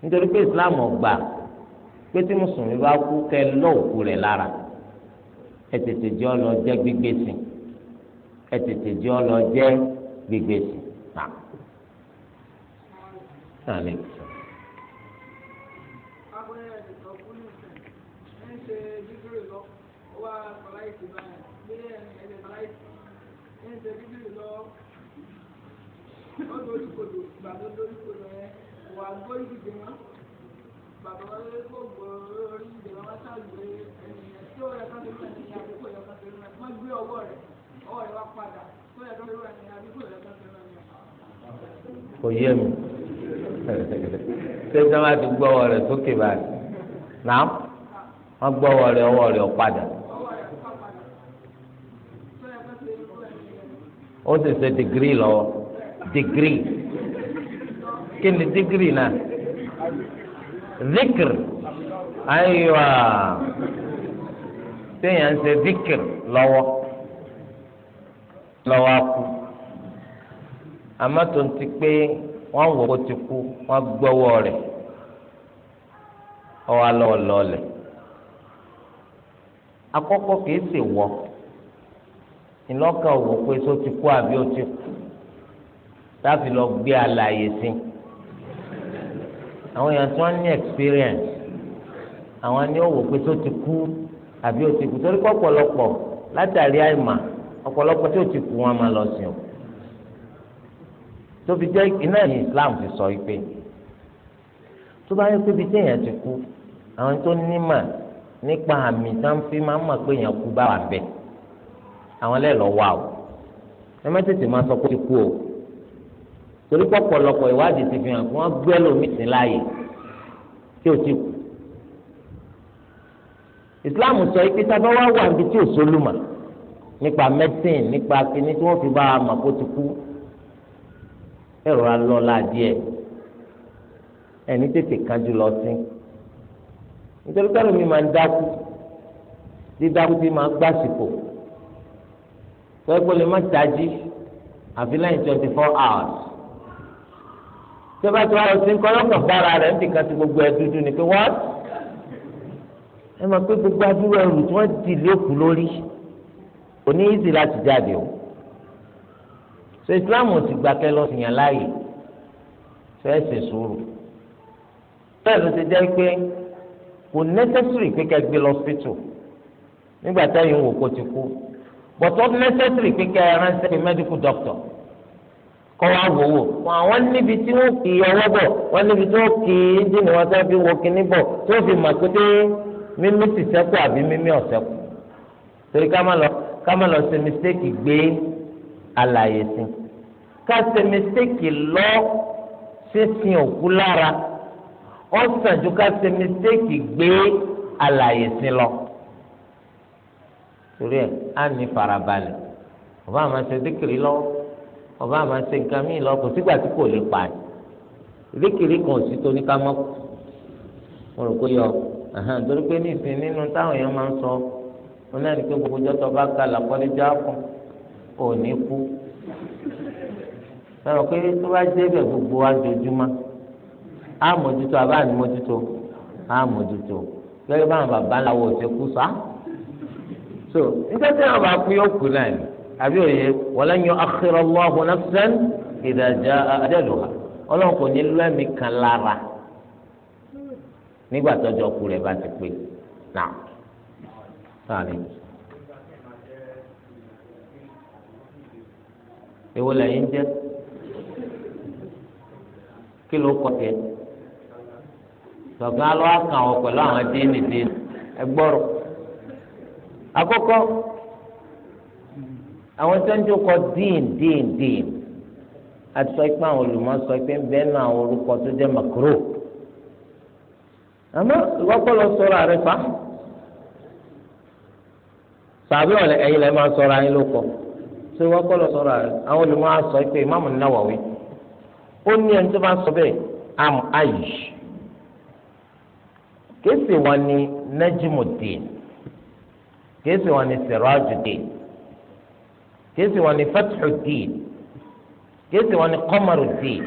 [SPEAKER 1] nítorí pé islam ọgbà pé tí mùsùlùmí bá kú kẹ lóòkú rẹ lára ẹ tètè jẹ ọlọ jẹ gbígbé sí ẹ tètè jẹ ọlọ jẹ gbígbé sí nà.
[SPEAKER 3] Thank you ó lórí kodò ìgbà tó lórí kodò yẹn wà gbórí dìde mọ́ bàbá wa lórí kó gbórí dìde kò
[SPEAKER 1] yé mi ṣé sábà ti gbọ́ ọwọ́ rẹ̀ sókè báyìí náà wọ́n gbọ́ ọwọ́ rẹ̀ ọwọ́ rẹ̀ padà. ó sì ṣe dìgírì lọ́wọ́ dìgírì kí ni dìgírì náà zikr ayiwa téèyàn ṣe zikr lọ́wọ́ lọ́wọ́ akú àmọ́ tó ń ti pé wọ́n wò ó ti kú wọ́n gbọ́wọ́ rẹ̀ ọwọ́ alọ́wọ́ lọ́ọ̀lẹ̀ àkọ́kọ́ kìí ṣe wọ́ ìlọ́kà wò pé só ti kú àbí ó ti kú láti lọ gbé àlàyé sí àwọn èèyàn tí wọ́n ní experience àwọn ni ó wò pé tó ti kú àbí ó ti kú torí pé ọ̀pọ̀lọpọ̀ látàrí àìmà ọ̀pọ̀lọpọ̀ tí ó ti kú wọn máa lọ sí o tó fi jẹ́ iná ní Islam ti sọ pé tó bá yẹ pé ibi tí èèyàn ti kú àwọn tó nímà nípa àmì tá ń fi máa ń mọ̀ pé èèyàn kú bá wà bẹ́ẹ̀ àwọn lẹ́ẹ̀ lọ wà o ẹ má tètè máa sọ pé ó ti kú o torí pọ̀pọ̀lọpọ̀ ìwádìí ti fi hàn kí wọ́n gbé lómìsín láàyè tí ó ti kù ìsìláàmù sọ pé sábà wá wà níbi tí ò sólùmà nípa mẹ́dísìn nípa kíní tí wọ́n fi bá a mà kó ti kú ẹ̀rọ alọ́la díẹ̀ ẹni tètè kájú lọ sí nítorí pẹ́lú mi máa ń dákú dídákú tí máa gbàsìkò pẹ́ẹ́pẹ́ lè má tají àfi lẹ́yìn twenty four hours tó bá ti wá lọ sí nǹkan lọ́kàn bára rẹ̀ nìkan ti gbogbo ẹ̀ dúdú ni pé wọ́n ẹ máa pé gbogbo adúrú ẹrù tí wọ́n ti lé òkú lórí kò ní ìsì láti jáde o so Islam ti gba kẹlọ sìyàn láàyè fẹ́ ṣe sùúrù bẹ́ẹ̀ ló ti jẹ́ pé kò necessary pé kẹ́ gbé lọ hospital nígbà táyà ń wò kó ti kú but ó necessary pé kẹ́ ránṣẹ́ pé medical doctor kọ́ wá wò wò wọn àwọn níbi tí wọ́n kì í ọwọ́ bọ̀ wọ́n níbi tí wọ́n kì í dínà wọn sábà fi wo kíní bọ̀ tí wọ́n fi mọ̀ pé dé mímí sì sẹ́kù àbí mímí ọ̀sẹ̀ kù torí ká má lọ ká má lọ ṣe mistake gbé àlàyé sí ká ṣe mistake lọ sísìn òkú lára ó sàn ju ká ṣe mistake gbé àlàyé sí lọ torí ẹ á ní farabalẹ̀ bàbá àmọ́ ṣe dékìrì lọ́wọ́ ọba àmà ṣe nǹkan míì lọ kò sígbà tí kò lè pa ríkìrí kan ò sí tó ní ká mọ́ mo rò pé yọ torí pé nísìn nínú táwọn èèyàn máa ń sọ wọn náà ní pé gbogbo jọ́tọ̀ bá ka làkọ́lẹ́jọ́ àpọ̀ ò ní kú sọ̀rọ̀ pé tó bá jẹ́ bẹ̀ gbogbo àjòjúmọ́ àmójútó àbá àmójútó àmójútó gẹ́gẹ́ báwọn bàbá làwọn ò ti kú sá so nígbà tí àwọn bá kú yóò kú náà ni àbí òye wọlé yan akhira Allahu nafsan idha jaa ajaluha ọlọ́run kò ní lẹ́mí kan lára nígbà tọ́jọ́ kú rẹ̀ bá ti pé náà sáàlì. èwo lẹ́yìn jẹ́ kí ló kọ́ tiẹ̀ sọ̀gá lọ́wọ́ kan pẹ̀lú àwọn déènì déènì ẹgbọ́rọ̀ àkọ́kọ́ àwọn tó ń jókòó dín dín dín àti sọ pé àwọn olùmọ̀ sọ pé ń bẹ́ẹ̀ náà àwọn orúkọ tó jẹ́ makro àmọ́ ìwọ́pọ̀ lọ sọ̀rọ̀ àrẹ fa tàbí ọ̀lẹ́ ẹ̀yin lẹ́ẹ̀ máa sọ̀rọ̀ ayé ló kọ́ tó ìwọ́pọ̀ lọ sọ̀rọ̀ àrẹ àwọn olùmọ̀ sọ pé ìmáàmù Nawawi ó ní ẹni tó bá sọ bẹ́ẹ̀ am ayi kéésì wọn ni Najmuddin kéésì wọn ni Sirajuddin kéésì wọn ni fathuddin kéésì wọn ni qamaruddin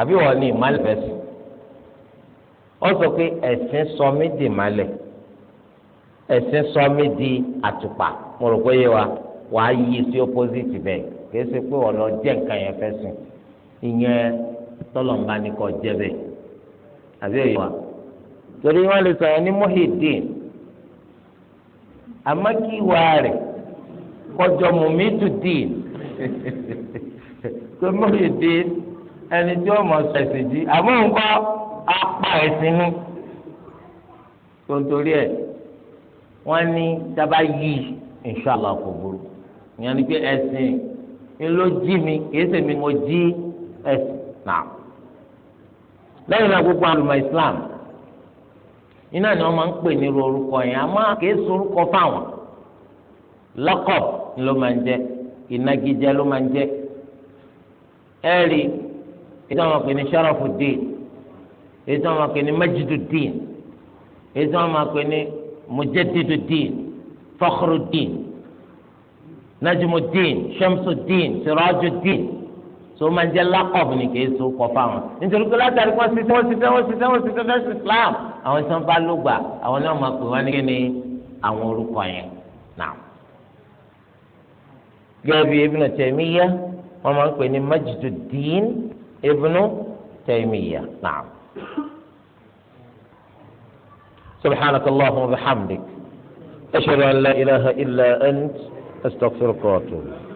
[SPEAKER 1] àbí wọn ni ìmálẹ̀fẹ́sì ó sọ pé ẹ̀sìn sọ mí di ìmálẹ̀ ẹ̀sìn sọ mí di àtùpà mo rò pé yé wa wàá yí opposite bẹ́ẹ̀ kéésì pé wọn lọ jẹ́ nǹkan yẹn ìyẹn tọ́lọ̀mùbá ni kò jẹ́ bẹ́ẹ̀ àbí òye wa torí wọn lè sọ yẹn ní muhiddin àmọ́ kí kọjọ mọ̀mítù dín pé Muhyiddin ẹni tí ó mọ̀ ṣẹ̀ṣẹ̀ jí àmọ́ nǹkan
[SPEAKER 2] apá ẹ̀sìn
[SPEAKER 1] ni tontori ẹ̀ wọ́n ní daba yi, inṣàlá kò burú ìyẹn ni pé ẹ̀sìn ni jí mi kìí ṣe mi jí ẹ̀sìn náà náà gbogbo Islam iná ni máa ń pè ní orúkọ yẹn kìí ló máa ń jẹ ìnagijẹ ló máa ń jẹ ẹẹri ètò àwọn pè ní sharaf ad-din ètò àwọn pè ní majid ad-din ètò àwọn pè ní mujaddid ad-din fakhru ad-din najmu ad-din shamsu ad-din siraju ad-din tó máa ń jẹ lákọ̀ọ̀bù ní kìí so kọ fáwọn nítorí pé látàrí wọn ṣiṣẹ́ wọn ṣiṣẹ́ wọn ṣiṣẹ́ wọn ṣiṣẹ́ fẹ́ẹ́ Islam àwọn tí ló gbà àwọn náà máa pè wọn ní àwọn orúkọ yẹn náà. gẹ́bí bí ibnu tẹ̀míyà wọ́n máa ń pè ní Majduddin ibnu tẹ̀míyà náà. سبحانك اللهم وبحمدك أشهد أن لا إله إلا أنت أستغفرك وأتوب إليك